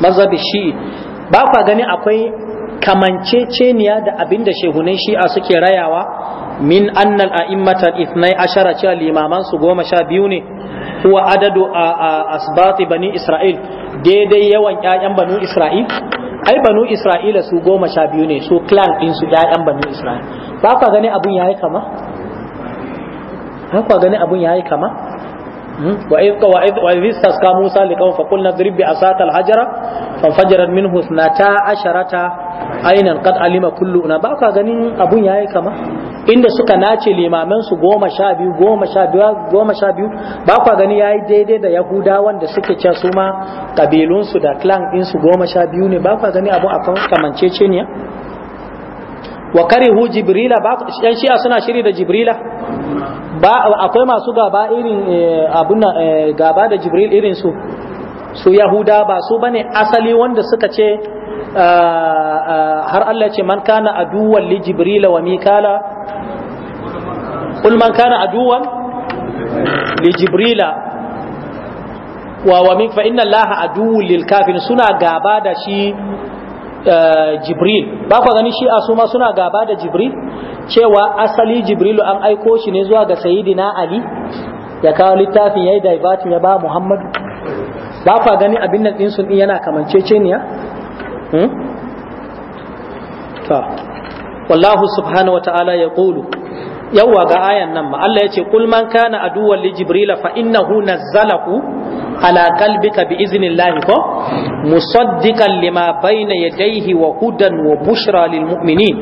mazhabi shi'i ba kwa gani akwai kamanceceniya da abinda shehunan shi'a suke rayawa min annal a'immata ithnai ashara cewa limaman su goma sha biyu ne huwa adadu asbati bani isra'il daidai yawan ƴaƴan banu isra'il ai banu isra'ila su goma sha biyu ne su clan din su ƴaƴan banu isra'il ba kwa gani abun yayi kama kwa gani abun yayi kama hmm? wa idh wa idh wa idh tasqa Musa liqaw fa qulna drib bi asata al-hajara fanfajarat minhu 12 aynan qad alima kullu na ba kwa gani abun yayi kama inda suka nace limaman su goma sha biyu goma sha biyu goma sha biyu ba kwa gani ya yi daidai da yahuda wanda suke ce su ma kabilunsu da clan ɗinsu goma sha biyu ne ba kwa gani abu a kamancece ne wa karihu jibrila ba yan shi'a suna shiri da jibrila ba akwai masu gaba irin eh, abun eh, gaba da jibril irin su su yahuda ba su bane asali wanda suka ce eh, har Allah ce man kana aduwan li jibrila wa mikala qul man kana aduwan li jibrila wa wa min fa inna allaha aduwwul lil kafirin suna gaba da shi Eh, jibril ba ku gani shi'a su ma suna gaba da jibril cewa asali jibrilu an aiko shi ne zuwa ga sayidina ali ya kawo littafin ya yi daibatin ya ba muhammadu ba ku gani abin nan sun ɗin yana kamanceceniya hmm? wallahu subhanahu wa ya ƙulu yawwa ga ayan nan ma Allah ya ce kul man kana aduwwan li jibril fa innahu nazzalahu ala qalbika bi iznillahi ko musaddiqan lima bayna yadayhi wa hudan wa bushra lil mu'minin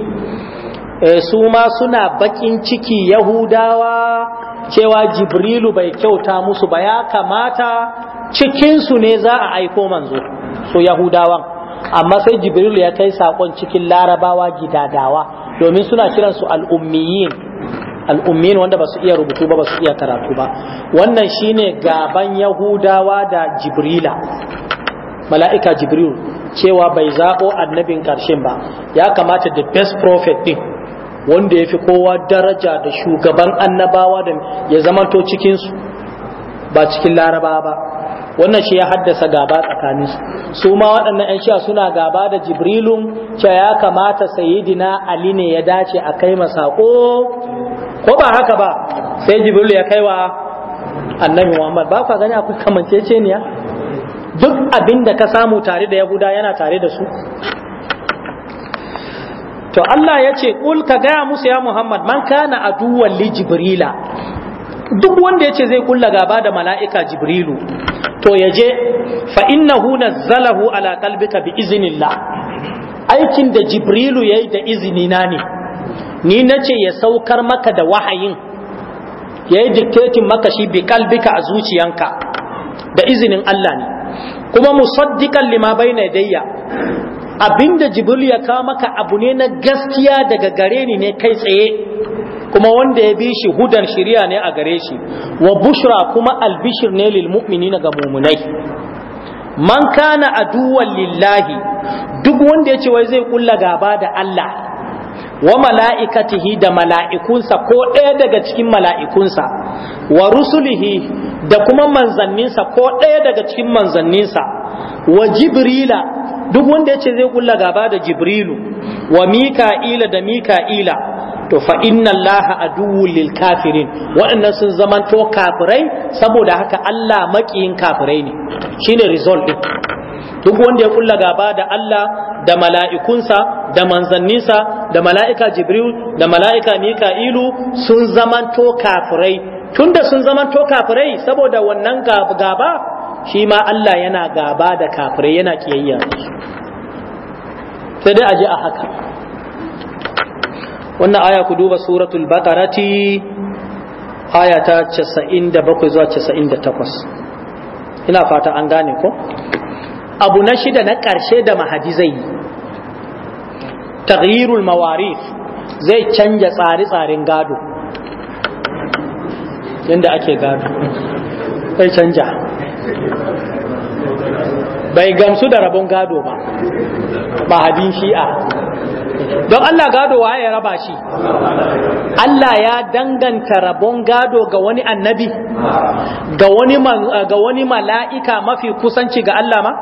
e, su ma suna bakin ciki yahudawa cewa jibrilu bai kyauta musu ba ya kamata cikinsu ne za a aiko manzo su yahudawan amma sai jibril ya kai sakon cikin larabawa gidadawa domin suna kiran su al'ummiyin al'ummiyin wanda ba su iya rubutu ba ba su iya karatu ba wannan shine gaban yahudawa da jibrila mala'ika jibril cewa bai zaɓo annabin ƙarshen ba ya kamata the best prophet din wanda ya fi kowa daraja da shugaban annabawa da ya zamanto cikinsu ba cikin laraba ba wannan shi ya haddasa gaba tsakanin su su ma waɗannan yan shi'a suna gaba da jibrilun cewa ya kamata sayyidina ali ne ya dace a kai masako ko ba haka ba sai jibril ya kai wa annabi muhammad ba ka gani akwai kamanceceniya duk abin da ka samu tare da yahuda yana tare da su to Allah ya ce ƙul ka gaya musu ya Muhammad man kana aduwan li Jibrila duk wanda ya ce zai kulla gaba da mala'ika Jibrilu to ya je fa innahu nazzalahu ala qalbika bi iznillah aikin da jibrilu yayi da izini na ne ni nace ya saukar maka da wahayin yayi dictating maka shi bi qalbika a zuciyanka da izinin Allah ne kuma musaddiqan lima bayna dayya. abinda jibril ya kawo maka abu ne na gaskiya daga gare ni ne kai tsaye kuma wanda ya bi shi hudan shiriya ne a gare shi wa bushra kuma albishir ne lil mu'minina ga muminai man kana aduwan lillahi duk wanda ya ce wai zai kulla gaba da Allah wa mala'ikatihi da mala'ikunsa ko ɗaya daga cikin mala'ikunsa wa rusulihi da kuma manzanninsa ko ɗaya daga cikin manzanninsa wa jibrila duk wanda ya ce zai kulla gaba da jibrilu wa mika'ila da mika'ila to fa inna allaha aduwwul lil kafirin waɗannan sun zaman to kafirai saboda haka Allah makiyin kafirai ne shine result din duk wanda ya kulla gaba da Allah da mala'ikunsa da manzanninsa da mala'ika jibril da mala'ika mika'ilu sun zaman to kafirai tunda sun zaman to kafirai saboda wannan gaba shi ma Allah yana gaba da kafirai yana kiyayya sai dai aje a haka wannan aya ku duba suratul baqarati aya ta 97 zuwa 98 ina fata an gane ko abu na shida na ƙarshe da Mahadizai, taghyirul mawarif zai canja tsare-tsaren gado yadda ake gado zai canja bai gamsu da rabon gado ba ba hadin shi'a don Allah gado wa ya raba shi Allah ya danganta rabon gado ga wani annabi ga wani ga wani mala'ika mafi kusanci ga Allah ma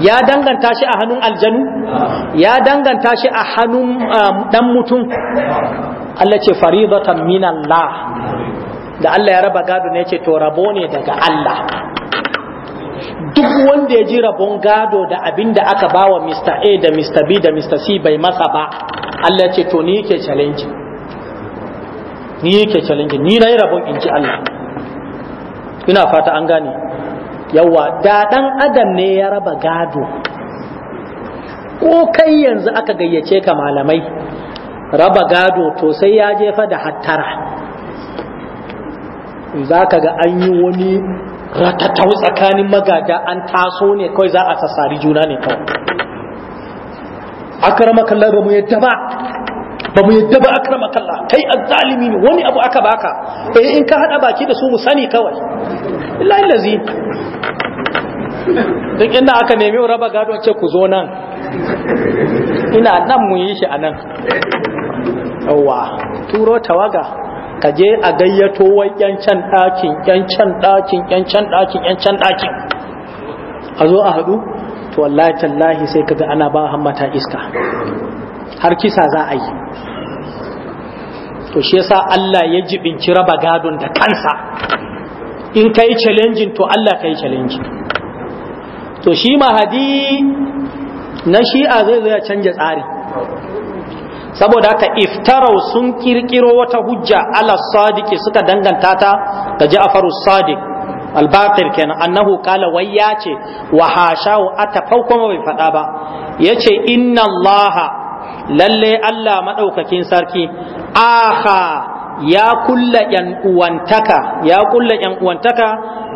ya danganta shi a hannun aljanu ya danganta shi a hannun dan um, mutum Allah ce faridatan minallah da Allah ya raba gado ne ce to rabo ne daga Allah duk wanda ya ji rabon gado da abin da aka ba wa Mr. A da Mr. B da Mr. C bai masa ba Allah ce to ni yake challenge ni yake challenge ni yi rabon in ji Allah ina fata an gane yawa da dan adam ne ya raba gado ko kai yanzu aka gayyace ka malamai raba gado to sai ya jefa da hattara za ka ga an yi wani ratatau tsakanin magada an taso ne kawai za a sassari juna ne kawai akarama kalla ba mu yadda ba ba mu yadda ba akarama kalla kai azzalimi ne wani abu aka baka eh in ka hada baki da su mu sani kawai illahi lazi duk inda aka nemi raba gado ce ku zo nan ina nan mu yi shi a nan yawa turo tawaga ka je a gayyato wai yancan ɗakin yancan ɗakin yancan ɗakin yancan ɗakin a zo a haɗu to wallahi tallahi sai kaga ana ba hammata iska har kisa za a yi to shi yasa Allah ya jibinci raba gadon da kansa in kai challenging to Allah kai challenging to shi mahadi na shi'a zai zo ya canja tsari saboda haka iftarau sun kirkiro wata hujja ala sadiki suka danganta ta ga ja'faru sadiq albatir kenan annahu qala wai ya ce wa hashahu ata? kuma bai faɗa ba yace inna allaha lalle allah madaukakin sarki aha ya kulla yan uwantaka ya kulla yan uwantaka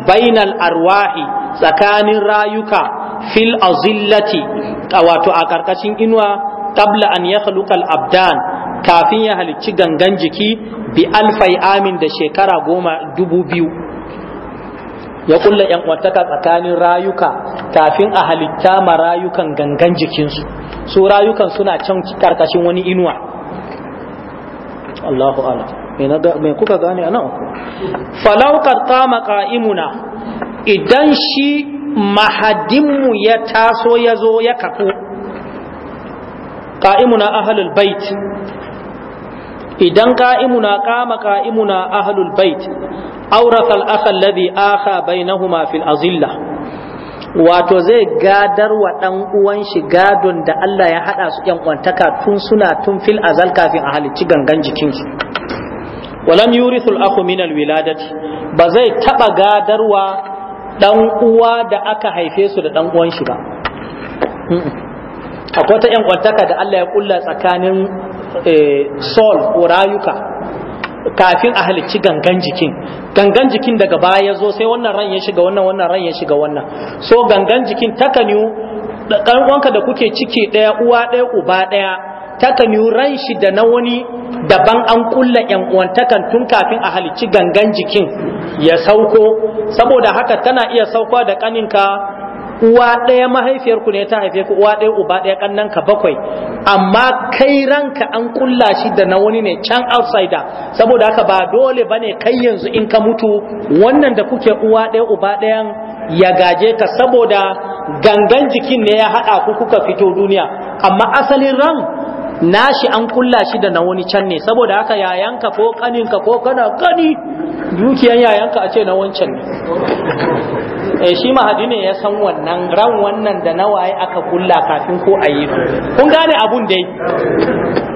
bainal arwahi tsakanin rayuka fil azillati wato a karkashin inuwa qabla an yakhluqal abdan kafin ya halicci gangan jiki bi alfai amin da shekara goma dubu biyu ya kulla yan wataka tsakanin rayuka kafin a halitta ma rayukan gangan jikinsu su rayukan suna can karkashin wani inuwa Allahu ala me kuka gane anan falau qartama qa'imuna idan shi mahadinmu ya taso ya zo ya kafu qa'imuna ahlul bait idan qa'imuna qama qa'imuna ahlul bait awratha al-akh alladhi akha bainahuma fil azilla wato zai gadar wa dan uwan shi gadon da Allah ya haɗa su yan tun suna tun fil azal kafin a halicci gangan jikin su walam yurithu al min wiladati ba zai taɓa gadarwa ɗan uwa da aka haife su da ɗan uwan shi ba akwai ta yan kwantaka da Allah ya kulla tsakanin eh, sol ko rayuka kafin a halicci gangan jikin gangan jikin daga baya ya zo sai wannan ran ya shiga wannan wannan ran ya shiga wannan so gangan jikin takaniyu wanka da kuke ciki ɗaya uwa ɗaya uba ɗaya takaniyu ran shi da na wani daban an kulla yan tun kafin a halicci gangan jikin ya sauko saboda haka tana iya saukowa da ƙaninka. uwa ɗaya mahaifiyarku ne ta haife ku uwa ɗaya uba ɗaya ƙannan ka bakwai amma kai ranka an kulla shi da na wani ne can outsider saboda haka ba dole bane kai yanzu in ka mutu wannan da kuke uwa ɗaya uba ɗayan ya gaje ka saboda gangan jikin ne ya haɗa ku kuka fito duniya amma asalin ran nashi an kulla shi da na wani can ne saboda haka yayanka ko kaninka ko kana kani dukiyan yayanka a ce na wancan ne Eh shi mahadi ne ya san wannan ran wannan da nawaye aka kulla kafin ko a yi kun gane abun dai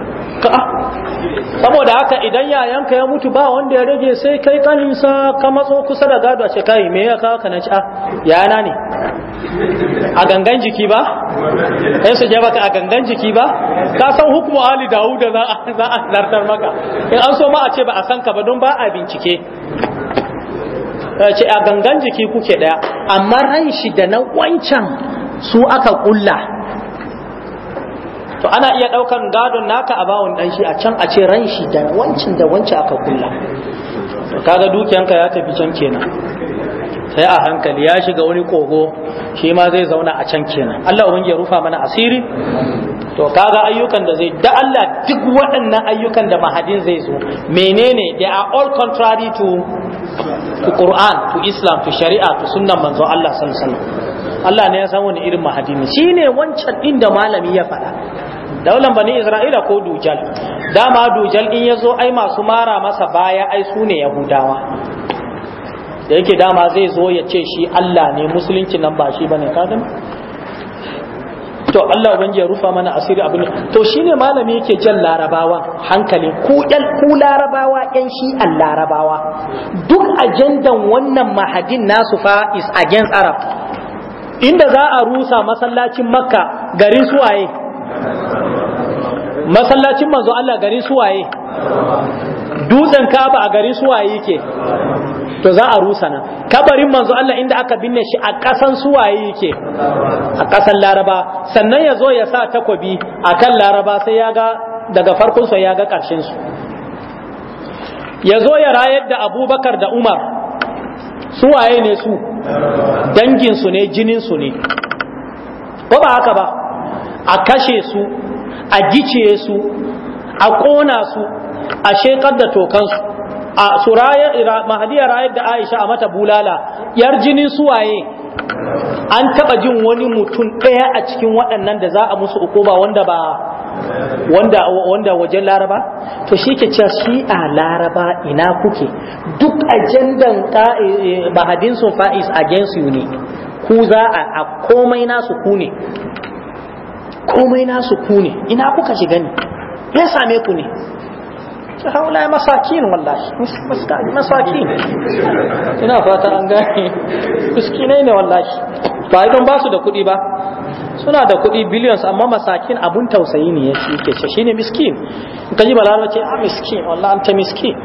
saboda haka idan yayanka ya mutu ba wanda ya rage sai kai kaninsa ka matso kusa da gado a kai me ya kawo ka na ci a ah, yana ne a gangan jiki ba sai su je baka a gangan jiki ba ka san hukumu ali dawuda za a zartar maka in an so ma a ce ba a san ka ba don ba a bincike ce a gangan jiki kuke daya amma ran shi da na wancan su aka kulla to ana iya daukan gadon naka a bawon dan shi a can a ce ran shi da wancin da wancin aka kulla kaga dukiyanka ya tafi can kenan sai a hankali ya shiga wani kogo shi ma zai zauna a can kenan Allah ubangi ya rufa mana asiri to kaga ayyukan da zai da Allah duk waɗannan ayyukan da mahadin zai zo menene they are all contrary to to Quran to Islam to Sharia to sunnan manzo Allah sallallahu alaihi wasallam Allah ne ya san wani irin mahadi ne shine wancan din da malami ya faɗa daular bani isra'ila ko dujal dama dujal in ya zo ai masu mara masa baya ai su ne yahudawa da yake dama zai zo ya ce shi allah ne musulunci nan ba shi ba ne to allah ubangiji ya rufa mana asiri abin to shine malami yake jan larabawa hankali ku ku larabawa yan shi shi'an larabawa duk ajandan wannan mahadin nasu fa is against arab inda za a rusa masallacin makka garin suwaye masallacin manzo Allah garin suwaye dutsen kaba a garin suwaye yake to za a rusa nan kabarin manzo Allah inda aka binne shi a ƙasan suwaye yake a ƙasan laraba sannan ya zo ya sa takobi a kan laraba sai ya ga daga farkonsa ya ga ƙarshensu ya zo ya rayar da abubakar da umar su waye ne su danginsu ne jininsu ne ko ba haka ba a kashe su a gice su a kona su a shekar da tokansu a su mahadiya rayar da aisha a mata bulala yar jinin su waye an taɓa jin wani mutum ɗaya a cikin waɗannan da za a musu uku ba wanda ba wanda wanda wajen laraba to shi ke cewa shi a laraba ina kuke duk ajandan bahadin eh, eh, sofa is against you ne ku za a komai nasu ku ne komai nasu ku ne ina kuka shiga ne ya same ku ne haula masakin wallahi masakin ina fata an gane miskinai ne wallahi ba idan ba su da kuɗi ba suna da kuɗi billions amma masakin abun tausayi ne yake ce shine miskin in ka ji balarabe ce a ah, miskin wallahi an ta miskin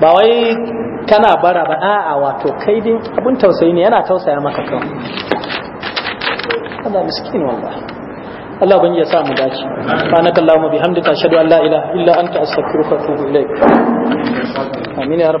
ba wai kana bara ba a'a wato kai din abun tausayi ne yana tausaya maka kawai Allah miskin wallahi Allah ban ya sa mu dace subhanaka mu bi hamdika an Allah ila illa anta astaghfiruka wa atubu ilaik amin ya